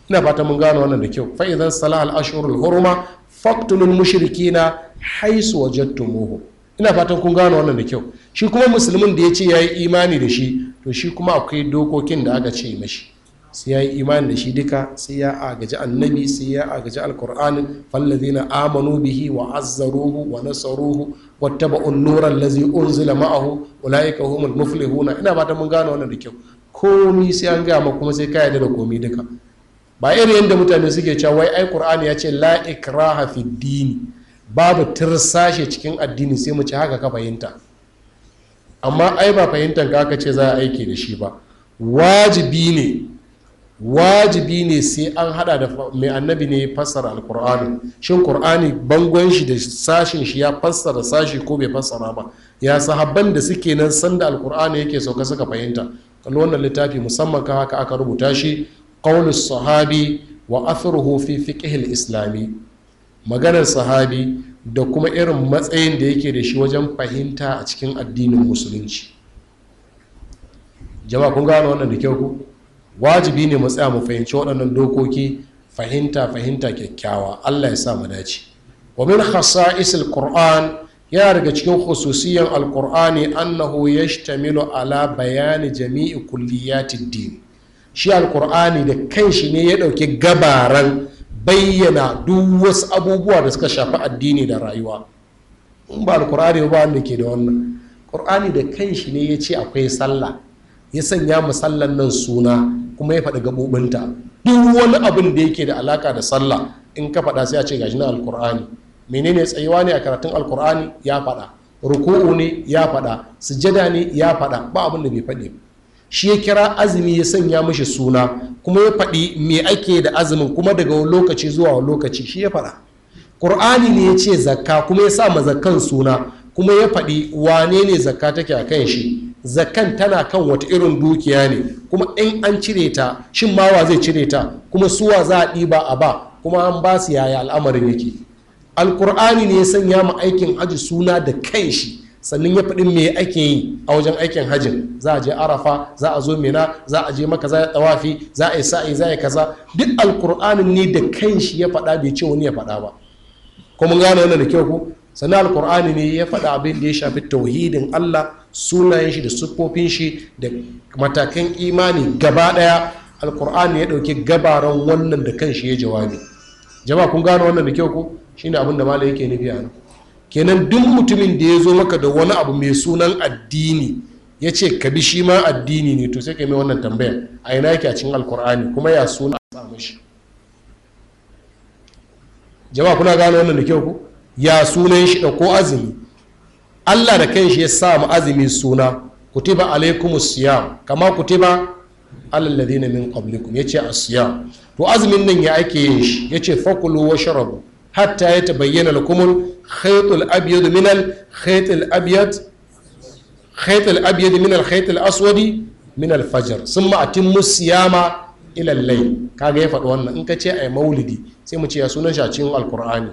ina fata mun gano wannan da kyau fa idan salah al hurma faqtulul mushrikina haisu wajadtumuhu ina fatan kun gano wannan da kyau shi kuma musulmin da ya ce ya yi imani da shi to shi kuma akwai dokokin da aka ce mashi sai ya yi imani da shi duka sai ya agaji annabi sai ya agaji alkur'ani fallazina amanu bihi wa azzaruhu wa nasaruhu wa taba'un nuran lazi unzila ma'ahu ulaika humul muflihuna ina fatan mun gane wannan da kyau komi sai an gama kuma sai ka yarda da komi duka ba irin yadda mutane suke cewa wai ai qur'ani ya ce la ikraha fid dini babu tirsashe cikin addini sai mu ci haka ka fahimta amma ai ba fahimtar ka aka ce za a aiki da shi ba wajibi ne wajibi ne sai an hada da mai annabi ne fassara alkur'ani shin qur'ani bangon shi da sashin shi ya fassara sashi ko bai fassara ba ya sahabban da suke nan sanda alkur'ani yake sauka suka fahimta kalli wannan littafi musamman kan haka aka rubuta shi qaulus sahabi wa athruhu fi fiqh islami maganar sahabi da kuma irin matsayin da yake da shi wajen fahimta a cikin addinin musulunci jama'a kun gano wannan da kyau ku wajibi ne mu tsaya mu fahimci waɗannan dokoki fahimta fahimta kyakkyawa allah ya sa mu dace wa min khasa'isil qur'an yana daga cikin khususiyan alqur'ani annahu yashtamilu ala bayani jami'i kulliyatid din shi alqur'ani da kanshi ne ya dauki gabaran bayyana duk wasu abubuwa da suka shafi addini da rayuwa in ba alqur'ani ba wanda ke da wannan qur'ani da kanshi ne ya ce akwai sallah ya sanya musallan nan suna kuma ya faɗi gaɓoɓinta duk wani abin da yake da alaka da sallah in ka faɗa sai a ce gashi na alkur'ani menene tsayuwa ne a karatun alkur'ani ya faɗa ruku'u ne ya faɗa sujada ne ya faɗa ba abin da bai faɗi shi ya kira azumi ya sanya mishi suna kuma ya faɗi me ake da azumin kuma daga wani lokaci zuwa wani lokaci shi ya faɗa ƙur'ani ne ya ce zakka kuma ya sa ma zakkan suna kuma ya faɗi wane ne zakka take a kan shi zakan tana kan wata irin dukiya ne kuma in an cire ta shin mawa zai cire ta kuma suwa za a ɗiba a ba kuma an ba su yaya al'amarin yake alkur'ani ne ya sanya ma aikin hajji suna da kan shi sannan ya faɗi me ake yi a wajen aikin hajjin za a je arafa za a zo mina za a je maka za a tawafi za a yi sa'i za a yi kaza duk alkur'anin ne da kan shi ya faɗa bai ce wani ya faɗa ba kuma gane wannan da kyau ku sannan alkur'ani ne ya faɗa abin da ya shafi tauhidin allah sunayen shi da siffofin shi da matakan imani gaba ɗaya alkur'ani ya ɗauki gabaran wannan da kan ya jawabi jama'a kun gano wannan da kyau ko shine abin da malai yake nufi a kenan duk mutumin da ya zo maka da wani abu mai sunan addini ya ce ka bi shi ma addini ne to sai ka yi wannan tambayar a ina yake a cikin alkur'ani kuma ya suna a shi jama'a kuna gano wannan da kyau ko ya sunan shi ko azumi allah da kanshi ya sa mu azumi suna kutiba 'Alaikum siyam kama kutiba alladhina min qablikum yace asiyam to azumin nan ya ake yin shi yace fakulu sharabu hatta yatabayyana lakum al-khayt al-abyad min al-khayt al-abyad khayt al-abyad min al-khayt khayt abyad min al khayt aswad min al fajr thumma atimmu siyama ila al-layl kaga ya faɗi wannan in ka ce ai maulidi sai mu ce ya sunan shi a cikin alqur'ani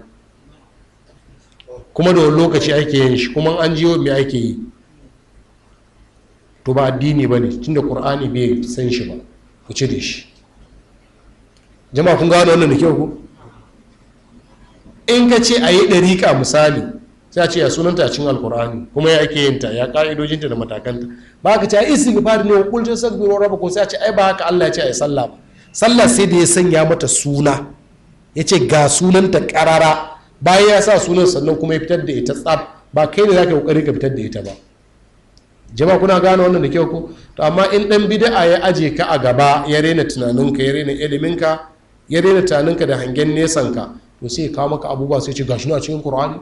kuma da wani lokaci ake yin shi kuma an jiyo me ake yi to ba addini ba ne tunda ƙur'ani bai san shi ba ku cire shi jama'a kun gano wannan da kyau ku in ka ce a yi ɗariƙa misali sai a ce ya sunanta a cikin alkur'ani kuma ya ake yinta ya ƙa'idojinta da matakanta ba ka ce a isi gifari ne kulcin sagbiro raba ko sai a ce ai ba haka allah ya ce a yi sallah ba sallah sai da ya sanya mata suna ya ce ga sunanta ƙarara bayan ya sa sunan sannan kuma ya fitar da ita tsaf ba kai ne zaka kokari ka fitar da ita ba jama kuna gane wannan da kyau ko to amma in dan bid'a ya aje ka a gaba ya rena ka ya rena iliminka ya rena tunaninka da hangen nesanka to sai ka kawo maka abubuwa sai ce gashi na cikin qur'ani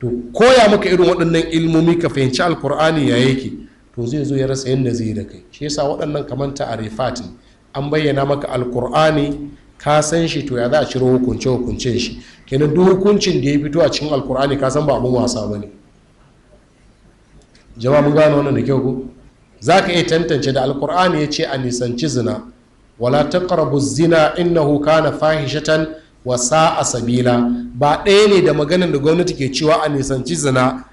to koya maka irin waɗannan ilmomi ka fahimci alqur'ani ya yake to zai zo ya rasa yanda zai da kai shi yasa waɗannan kamar ta'arifat an bayyana maka alqur'ani ka san shi to ya za a ciro hukunce hukuncen shi kenan duk hukuncin da ya fito a cikin alkur'ani ka san ba mu wasa ba ne jama'a mun gano wannan da kyau ko za ka iya tantance da alkur'ani ya ce a nisanci zina wala taqrabu zina innahu kana fahishatan wasa a sabila ba ɗaya ne da maganin da gwamnati ke cewa a nisanci zina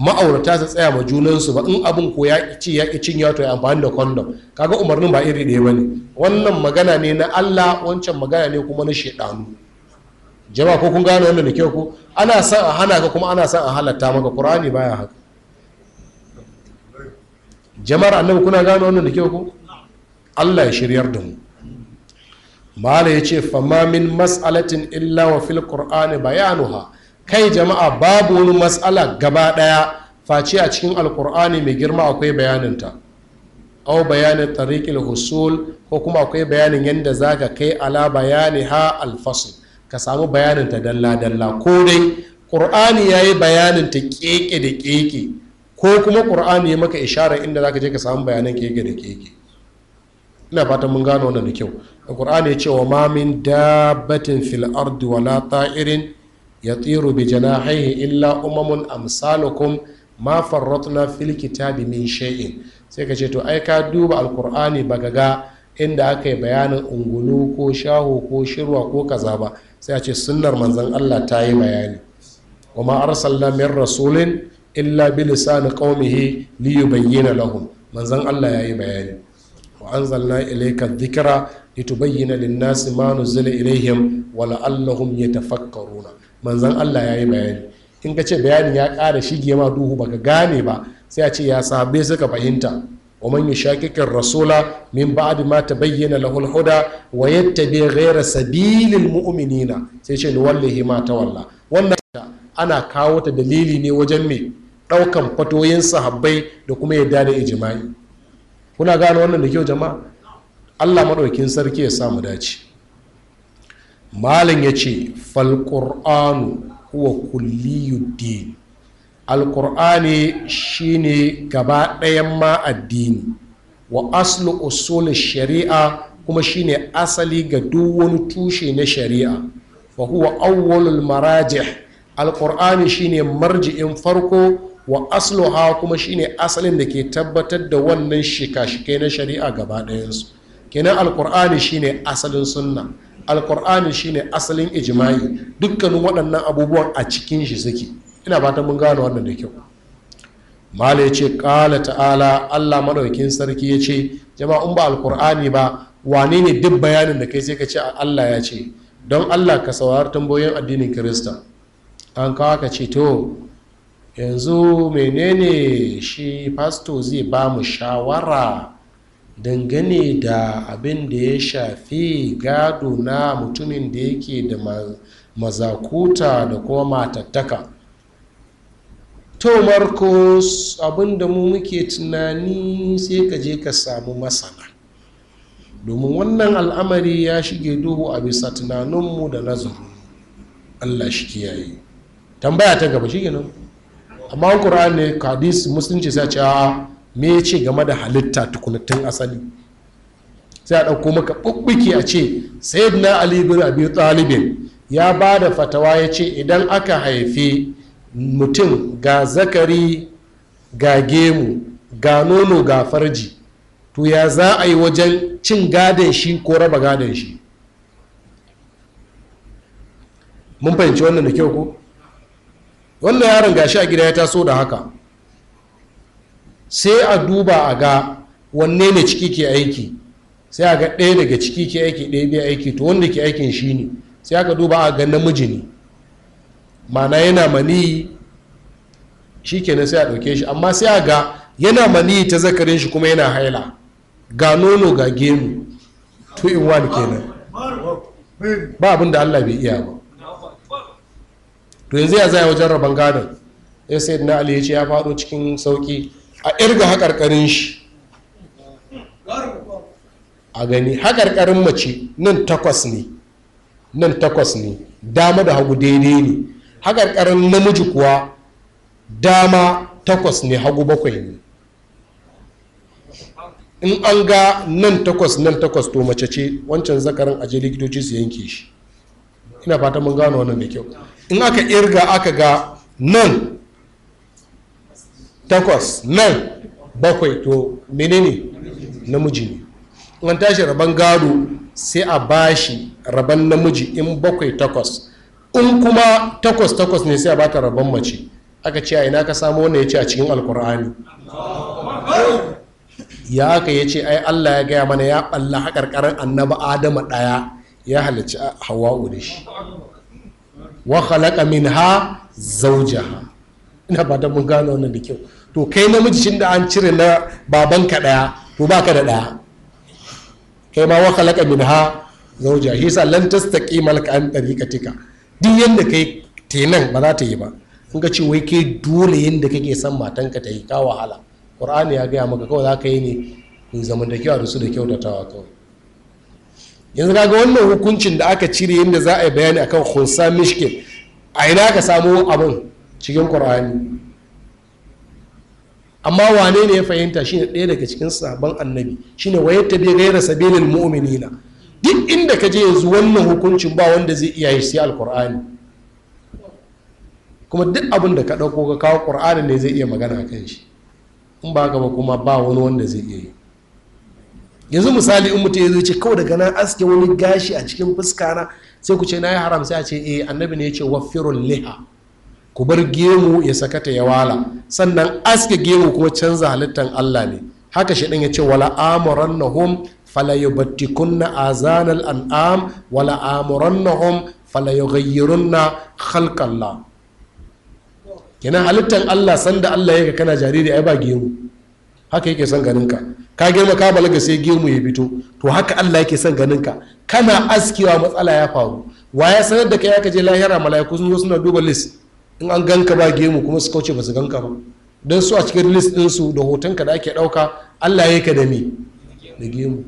ma'aurata su tsaya ma junansu ba in abin ko ya ci ya cin ya to ya amfani da kwandon kaga umarnin ba iri ɗaya bane wannan magana ne na Allah wancan magana ne kuma na shedanu jama'a ko kun gane wannan da kyau ko ana son a hana ka kuma ana son a halatta maka qur'ani baya haka jama'ar annabi kuna gane wannan da kyau ko Allah ya shiryar da mu mala yace fama min mas'alatin illa wa fil qur'ani bayanuha kai jama'a babu wani matsala gaba ɗaya face a cikin alkur'ani mai girma akwai bayaninta au bayanin tariqil husul ko kuma akwai bayanin yadda za ka kai ala bayani ha alfasul ka samu bayaninta dalla-dalla ko dai ƙur'ani ya yi bayaninta keke da keke ko kuma ƙur'ani ya maka ishara inda za ka je ka samu bayanan keke da keke ina fata mun gano wannan da kyau ƙur'ani ya ce wa mamin dabbatin fil ardi wala ta'irin ya tsiru bi janahaihi illa umamun amsalukum ma farratna fil kitabi min sha'in. sai ka ce to ai ka duba alkur'ani baka ga inda aka yi bayanin ungulu ko shaho ko shirwa ko kaza ba sai a ce sunnar manzan Allah ta yi bayani wa ma arsalna min rasulin illa bi lisani qaumihi li yubayyana lahum manzon Allah yayi bayani wa anzalna zikira dhikra bayyana lin-nasi ilaihim nuzila ilayhim wa la'allahum yatafakkaruna manzan allah ya yi bayani in ka ce bayanin ya ƙara shige ma duhu baka gane ba sai a ce ya sabe suka fahimta Wa rasula, min ومن يشاكك الرسول من wa yadda bai له sabilin mu'uminina sai سبيل المؤمنين ni wallahi ta walla. wannan ana kawo ta dalili ne wajen mai ɗaukan fatoyin sahabbai da kuma yadda da ijima'i kuna gane wannan da kyau jama'a Allah maɗaukin sarki ya samu dace malam ya ce falƙur'anu huwa kulliyuddin alƙur'ani shine gaba ɗayan ma addini wa aslu usul shari'a kuma shine asali ga duk wani tushe na shari'a fa huwa awwalul marajih shi shine marji'in farko wa asluha kuma shine asalin da ke tabbatar da wannan shika-shikai na shari'a gaba ɗayansu kenan shi shine asalin sunna alkur'ani shine asalin ijimai dukkanin waɗannan abubuwan a cikin shi suke ina fatan mun gano wannan da kyau mala ya ce kala ta'ala allah maɗaukin sarki ya ce jama'a ba alkur'ani ba wane ne duk bayanin da kai sai ka ce allah ya ce don allah ka saurari tambayoyin addinin kirista an kawo ka ce to yanzu menene shi fasto zai ba mu shawara dangane da abin da ya shafi gado na mutumin da yake da mazakuta da kuma matattaka to marcos abin da mu muke tunani sai ka je ka samu masana domin wannan al'amari ya shige duhu a bisa tunaninmu da nazarin allah shi kiyaye tambaya ta gaba shi amma Kura ne kadis musulunci sa cewa me ya ce game da halitta tukunattun asali sai a ɗauko maka ɓuɓɓuki a ce sayyidina ali bin abi ɗalibin. ya ba da fatawa ya ce idan aka haifi mutum ga zakari ga gemu ga nono ga farji to ya za a yi wajen cin gadon shi ko raba gadon shi mun fahimci wannan da kyau ko wannan yaron gashi a gida ya taso da haka sai a duba a ga wanne ne ciki ke aiki sai a ga ɗaya daga ciki ke aiki ɗaya biya aiki to wanda ke aikin shi ne sai aka duba a ga namiji ne mana yana mani shi kenan sai a ɗauke shi amma sai a ga yana mani ta zakarin shi kuma yana haila ga nono ga gemu to in ke kenan ba abin allah bai iya ba to yanzu ya zai wajen rabon gadon ya sai na ali ya ce ya faɗo cikin sauƙi a irga haƙarƙarin shi a gani haƙarƙarin mace nan takwas ne nan takwas ne dama da hagu daidai ne haƙarƙarin namiji kuwa dama takwas ne hagu bakwai ne in an ga nan takwas nan takwas to mace ce wancan zakarin aje likitoci su yanke shi ina fata mun gano wannan da kyau in aka irga aka ga nan takwas nan bakwai to menene namiji ne in tashi rabon gado sai a bashi rabon namiji in bakwai takwas in kuma takwas takwas ne sai a bata rabon mace aka ce a ina ka samu wannan ya ce a cikin alkur'ani ya aka ya ce ai allah ya gaya mana ya balla haƙarƙarar annaba adama ɗaya ya halarci hawa'u da shi wa min ha zaujaha ina ba ta mun gano wannan da kyau to kai namiji da an cire na babanka daya to baka da daya kai ma waka laka min ha zauja shi yasa lan tastaqi malaka an tika duk yanda kai tenan ba za ta yi ba in ka ce wai kai dole yanda kake son matanka ta yi ka wahala qur'ani ya gaya maka kawai za ka yi ne in zaman da kyau su da kyau ta kawai yanzu kaga wannan hukuncin da aka cire yadda za a yi bayani akan khunsa mishkin a ina ka samu abin cikin qur'ani amma wane ne ya fahimta shine ɗaya daga cikin sabon annabi shine wa yattabi ghayra sabilil mu'minina duk inda ka je yanzu wannan hukuncin ba wanda zai iya yi sai alqur'ani kuma duk abin da ka ɗauko ka kawo ƙur'ani ne zai iya magana kan shi in ba ba kuma ba wani wanda zai iya yi yanzu misali in mutum ya ce kawai daga nan aske wani gashi a cikin fuska na sai ku ce na yi haram sai a ce eh annabi ne ya ce waffirul liha ku bar gemu ya sakata ya wala sannan aske gemu kuma canza halittan Allah ne haka shi ya ce wala amurannahum fala yubattikunna azanal an'am wala amurannahum fala yughayyirunna khalqallah kenan halittan Allah sanda Allah yake kana jariri ai ba gemu haka yake son ganin ka ka girma ka balaga sai gemu ya fito to haka Allah yake son ganin ka kana askewa matsala ya faru wa ya sanar da kai aka je lahira mala'iku sun zo suna duba list in an ganka ba gemu kuma su kauce ba su ganka ba don su a cikin list ɗinsu da hotonka da ake ɗauka allah ya yi ka da me da gemu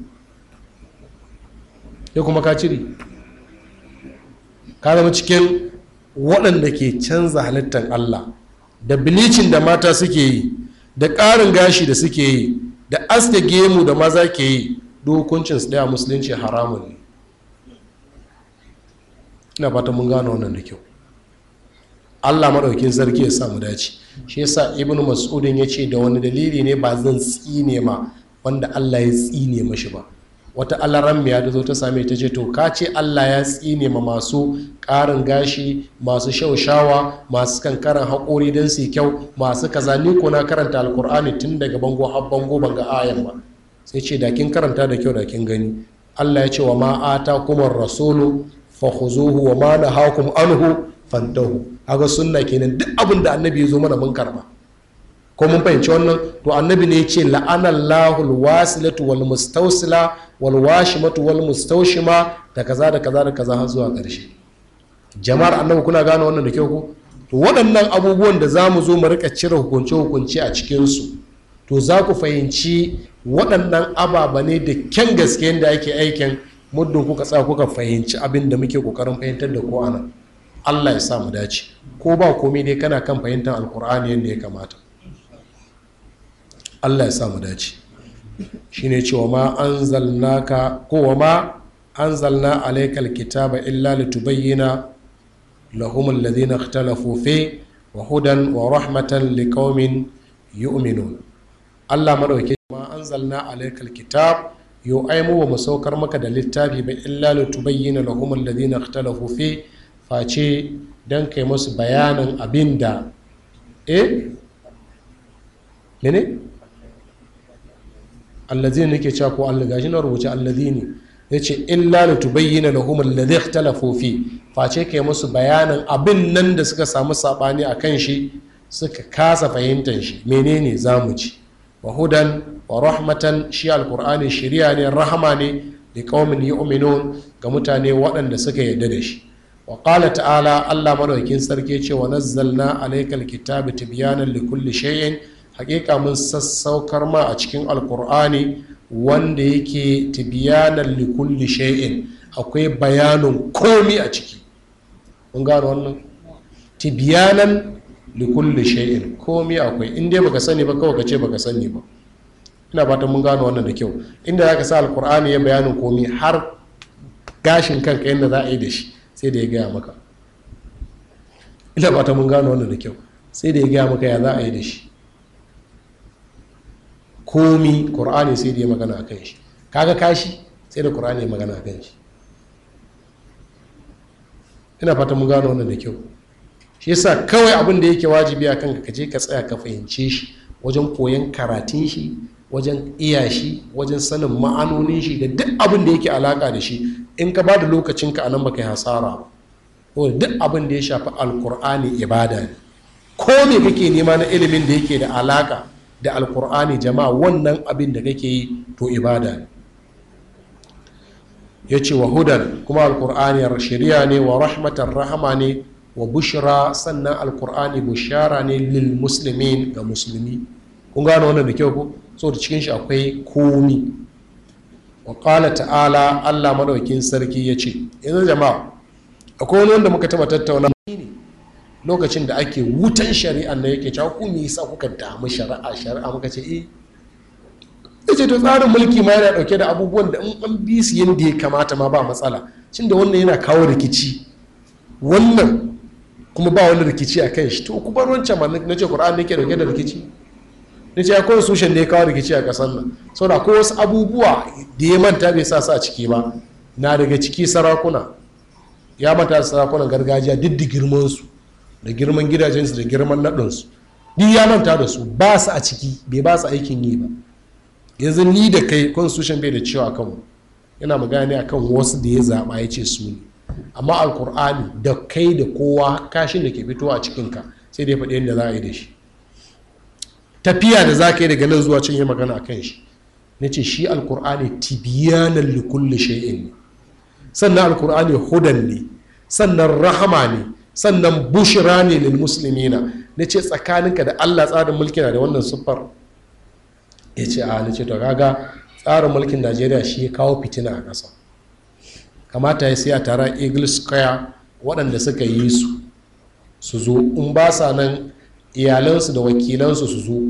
ya kuma ka cire ka zama cikin waɗanda ke canza halittar allah da bilicin da mata suke yi da ƙarin gashi da suke yi da aske gemu da maza ke yi dokuncin su ɗaya musulunci haramun ne ina fata mun gano wannan da kyau allah maɗaukin sarki ya samu dace shi yasa ibn mas'udin ya ce da wani dalili ne ba zan tsine ma wanda allah ya tsine mashi ba wata alaran ya da zo ta same ta ce to ka ce allah ya tsine ma masu ƙarin gashi masu shaushawa masu kankaran haƙori don su kyau masu kaza ni ko na karanta Alƙur'ani tun daga bango har bango ban ga ayan ba sai ce da kin karanta da kyau da kin gani allah ya ce wa ma'ata kuma rasulu fa wa ma nahakum anhu fantahu aga sunna kenan duk abin da annabi ya zo mana mun karba ko mun fahimci wannan to annabi ne ya ce la'anallahu wasilatu wal mustausila wal washimatu wal mustaushima da kaza da kaza da kaza har zuwa ƙarshe jama'ar annabi kuna gane wannan da kyau ko to waɗannan abubuwan da za mu zo mu rika cire hukunce hukunce a cikin su to za ku fahimci waɗannan ababa ne da kyan gaske yadda ake aikin muddin kuka tsaya kuka fahimci abin da muke ƙoƙarin fahimtar da ko anan allah ya sa mu dace ko ba komai ne kana kan fahimtar alkur'ani yadda ya kamata allah ya sa mu dace shine cewa ma an zalna ka? ko wa ma an anzalna alaikal kitaba illa litubayyana lahum alladhina ikhtalafu fi wa hudan wa rahmatan liqaumin yu'minun Allah madauke ma zalna alaikal kitab yo ai mu ba mu saukar maka da littafi ba illa litubayyana lahum alladhina ikhtalafu fi face don kai masu bayanin abin da eh ne allazi ne ke cewa ko allah gashi na rubuce allazi ne ya ce illa na tubayyana lahum ta ikhtalafu talafofi face kai masu bayanin abin nan da suka samu sabani a kan shi suka kasa fahimtar shi menene zamu ci wa hudan wa rahmatan shi alkur'ani shiriya ne rahama ne da qaumin yu'minun ga mutane waɗanda suka yarda da shi wa qala ta'ala Allah madaukakin sarki ce wa na nazzalna alaykal kitaba tibyanan likulli shay'in hakika mun sassaukar ma a cikin alkur'ani wanda yake tibyanan likulli shay'in akwai bayanin komi a ciki mun gano wannan tibyanan likulli shay'in komi akwai in dai baka sani ba kawai ka ce baka sani ba ina fatan mun gano wannan da kyau inda zaka sa alkur'ani ya bayanin komi har gashin kanka yadda za a yi da shi sai da ya gaya maka ina fata mun gano wannan da kyau sai da ya gaya maka ya za a yi da shi komi ƙur'ani sai da ya magana a kan shi kaga kashi sai da ƙur'ani ya magana a kan shi ina fata mun gano wannan da kyau shi yasa kawai abin da yake wajibi a kanka ka je ka tsaya ka fahimce shi wajen koyon karatun shi wajen iya shi wajen sanin ma'anonin shi da duk abin da yake alaka da shi in ka ba da lokacinka a nan baka yi hasara ba duk abin da ya shafi alkur'ani ibada ne ko me kake nema na ilimin da yake da alaka da alkur'ani jama'a wannan abin da kake yi to ibada ne ya ce wa hudan kuma alkur'ani shari'a ne wa rahmatar rahama ne wa bushira sannan alkur'ani bushara ne lil muslimin ga musulmi kun gano wannan da kyau ko so da cikin shi akwai komi wa ta'ala allah maɗaukin sarki ya ce yanzu jama'a akwai wani wanda muka taɓa tattauna lokacin da ake wutan shari'a na yake cewa ku nisa kuka damu shari'a shari'a muka ce e. ya ce to tsarin mulki ma yana ɗauke da abubuwan da an bi su yadda ya kamata ma ba matsala cin da wannan yana kawo rikici wannan kuma ba wani rikici a kan shi to ku bar wancan ma na ce ƙur'an ne ke ɗauke da rikici na ce akwai sushen da ya kawo rikici a ƙasar nan saboda akwai wasu abubuwa da ya manta bai sa sa ciki ba na daga ciki sarakuna ya manta sarakunan gargajiya duk da girmansu da girman gidajensu da girman naɗinsu duk ya manta da su ba su a ciki bai ba su aikin yi ba yanzu ni da kai constitution bai da cewa kan yana magana ne akan wasu da ya zaɓa ya ce su ne amma alkur'ani da kai da kowa kashin da ke fito a cikinka sai dai faɗi yadda za a yi da shi tafiya da za ka yi daga nan zuwa can yi magana kan shi na ce shi alkur'ani tibiyanan likulli shay'in ne sannan alkur'ani hudan ne sannan rahama ne sannan bushira ne lil muslimina na ce tsakaninka da allah tsarin na da wannan siffar ya ce a na ce to kaga tsarin mulkin najeriya shi ya kawo fitina a ƙasa kamata ya sai a tara eagle square waɗanda suka yi su su zo in ba sa nan iyalansu da wakilansu su zo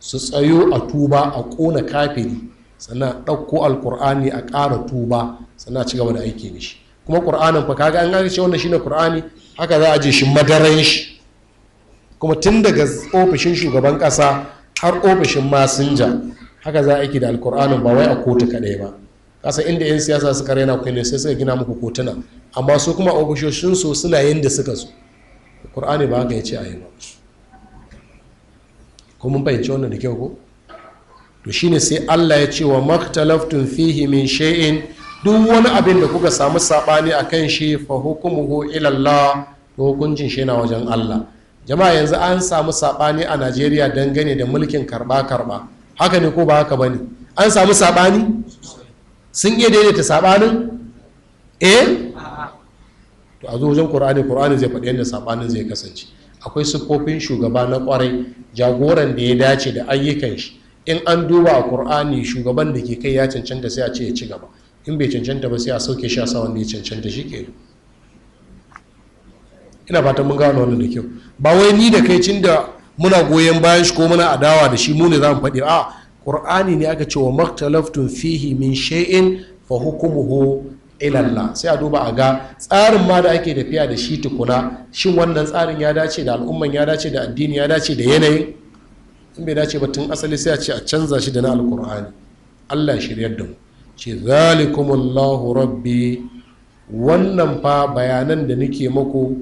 su tsayo a tuba a kona kafiri sannan ɗauko alƙur'ani a ƙara tuba sannan a ci gaba da aiki da shi kuma ƙur'anin fa kaga an gane cewa wannan shine ƙur'ani haka za a je shi madaran shi kuma tun daga ofishin shugaban ƙasa har ofishin masinja haka za a aiki da alƙur'anin ba wai a kotu kaɗai ba kasa inda 'yan siyasa suka raina kai ne sai suka gina muku kotuna amma su kuma ofishoshinsu suna yin da suka so ƙur'ani ba haka ya ce a yi ba ko mun fahimci wannan da kyau ko to shine sai Allah ya ce wa maktalaftun fihi min shay'in duk wani abin da kuka samu sabani akan shi fa hukumuhu ila Allah to hukuncin shi na wajen Allah jama'a yanzu an samu sabani a Najeriya dangane da mulkin karba karba haka ne ko ba haka bane an samu sabani sun iya daidaita sabanin eh to a zo wajen Qur'ani Qur'ani zai faɗi yadda sabanin zai kasance akwai siffofin shugaba na kwarai jagoran da ya dace da ayyukan shi in an duba a kur'ani shugaban da ke kai ya cancanta sai a ce ya ci gaba in bai cancanta ba sai a sauke shi a sa wanda ya cancanta shi ke ina fatan mun gano wannan da kyau ba wai ni da kai cin da muna goyon bayan shi ko muna adawa da shi mu ne za mu faɗi a qur'ani ne aka ce wa maktalaftun fihi min shay'in fa hukmuhu ilallah sai a duba a ga tsarin ma da ake tafiya da shi tukuna shin wannan tsarin ya dace da al'umman ya dace da addini ya dace da yanayin in bai dace ba tun asali sai a ce a canza shi da na alkur'ani allah shiryar da mu ce zalikumullahu rabbi wannan fa bayanan da nake mako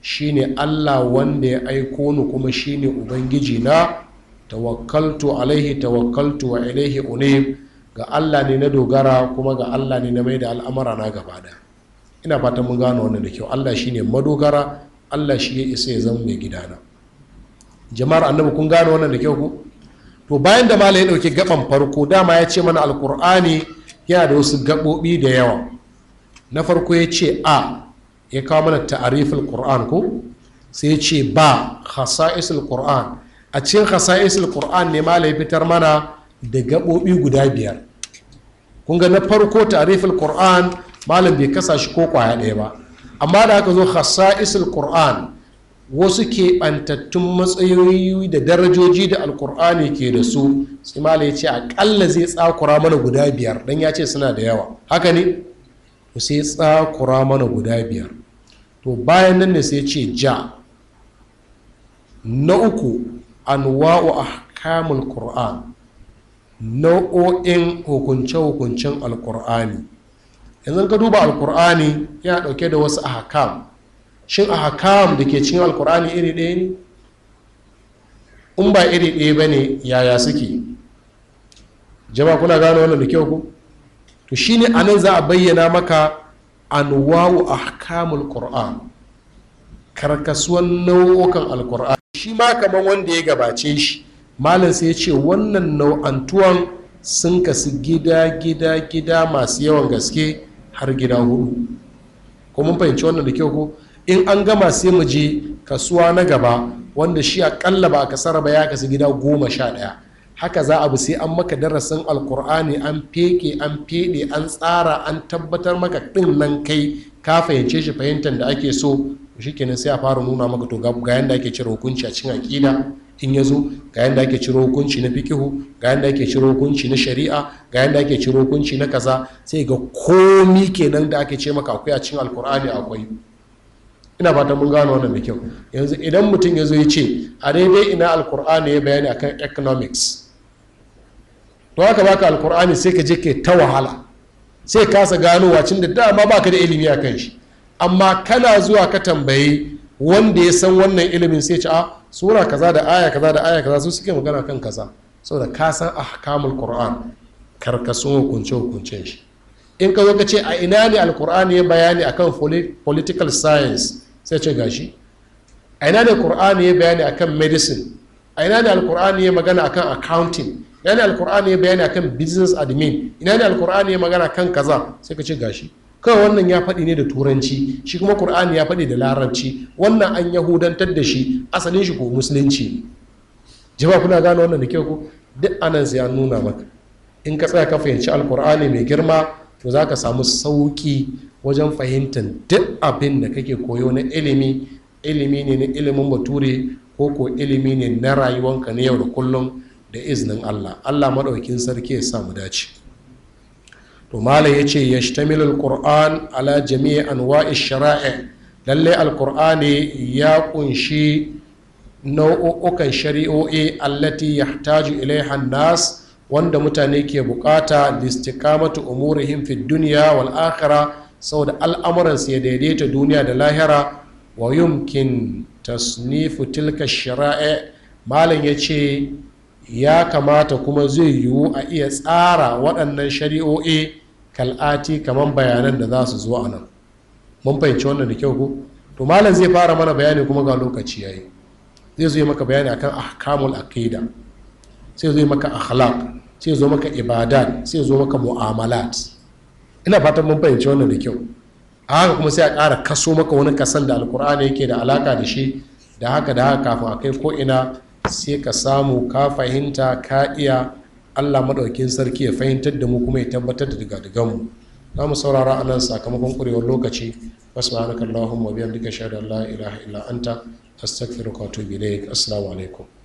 shine allah wanda ya aiko ni kuma shine ubangiji na tawakkaltu alaihi tawakkaltu wa ilaihi unib ga allah ne na dogara kuma ga allah ne na mai da al'amara na gaba daya ina fatan mun gano wannan da kyau allah shi ne madogara allah shi ya isa ya zama mai gidana jama'ar annabi kun gano wannan da kyau ku to bayan da malai ya ɗauki gaban farko dama ya ce mana alkur'ani yana da wasu gaɓoɓi da yawa na farko ya ce a ya kawo mana ta'arifin Kur'an ko sai ya ce ba khasa'isul Kur'an. a cikin khasa'isul qur'an ne malai fitar mana da gaɓoɓi guda biyar kun ga na farko tarifin ƙoran malam bai kasa shi ko kwaya ɗaya ba amma da aka zo isil ƙoran wasu keɓantattun matsayoyi da darajoji da alkur'ani ke da su simala ya ce aƙalla zai tsakura mana guda biyar don ya ce suna da yawa haka ne sai tsakura mana guda biyar to bayan nan ne sai ce ja na uku anwa'u ahkamul qur'an nau'o'in hukunce-hukuncen alkur'ani yanzu ka duba alkur'ani yana ɗauke da wasu ahakam shin ahakam da ke cikin alkur'ani iri ɗaya ne in ba iri ɗaya ba ne yaya suke jama kuna gano wannan da kyau ku to ne a nan za a bayyana maka anwawu ahkamul qur'an karkasuwan nau'ukan alkur'ani shi ma kamar wanda ya gabace shi malam sai ya ce wannan nau'antuwan sun kasu gida gida gida masu yawan gaske har gida hudu kuma fahimci wannan da kyau ko in an gama sai mu je kasuwa na gaba wanda shi akalla ba a kasar ba ya kasu gida goma sha ɗaya haka za a bi sai an maka darasin alkur'ani an feke an fede an tsara an tabbatar maka ɗin nan kai ka fahimce shi fahimtar da ake so shi kenan sai a fara nuna maka to ga yanda ake cire hukunci a cikin aƙida in ya zo ga yadda ake ciro hukunci na fikihu ga yadda ake ciro hukunci na shari'a ga yadda ake ciro hukunci na kaza sai ga komi kenan da ake ce maka akwai a cikin alkur'ani akwai ina fatan mun gano wannan da kyau yanzu idan mutum ya zo ya ce a daidai ina alkur'ani ya bayani akan economics to haka baka alkur'ani sai ka je ke ta wahala sai kasa gano wa wacin da dama baka da ilimi a kan shi amma kana zuwa ka tambayi wanda ya san wannan ilimin sai ce a ah, sura kaza da aya kaza da aya kaza su suke magana kan kaza saboda ka san ahkamul qur'an karkaso hukunce hukuncen shi in ka zo ka ce a ina ne alquran ya bayani akan political science sai ce gashi a ina ne alquran ya bayani akan medicine a ina ne alquran ya magana akan accounting ina ne alquran ya bayani akan business admin ina ne alquran ya magana kan kaza sai ka ce gashi kawai wannan ya faɗi ne da turanci shi kuma ƙur'ani ya faɗi da larabci wannan an yahudantar da shi asalin shi ko musulunci jama'a kuna gane wannan da kyau ko duk anan ya nuna maka in ka tsaya ka fahimci alkur'ani mai girma to za ka samu sauƙi wajen fahimtar duk abin da kake koyo na ilimi ilimi ne na ilimin bature ko ko ilimi ne na rayuwanka na yau da kullum da iznin allah allah maɗaukin sarki ya samu dace to malam ya ce yashtamilu alquran ala jami'i anwa'i shara'i lalle alqur'ani ya kunshi nau'ukan shari'o'i allati yahtaju ilaiha nas wanda mutane ke bukata listikamatu umurihim fid dunya wal akhirah saboda al'amuran su ya daidaita duniya da lahira wa yumkin tasnifu tilka shara'i malam ya ce ya kamata kuma zai yiwu a iya tsara waɗannan shari'o'i kal'ati kamar bayanan da za su zo a nan mun fahimci wannan da kyau ko to malam zai fara mana bayani kuma ga lokaci ya yi zai zo maka bayani akan ahkamul aqida sai zo maka akhlaq sai zo maka ibadat sai zo maka mu'amalat ina fatan mun fahimci wannan da kyau a haka kuma sai a ƙara kaso maka wani kasan da alkur'ani yake da alaka da shi da haka da haka kafin a kai ko ina sai ka samu ka fahimta ka iya allah maɗaukin sarki ya fahimtar da mu kuma ya tabbatar da daga mu za mu saurara a nan sakamakon ƙurewar lokaci wasu ma'anakan lahun mabiyan duka shaidar la ilaha illa anta astaghfiruka wa assalamu alaikum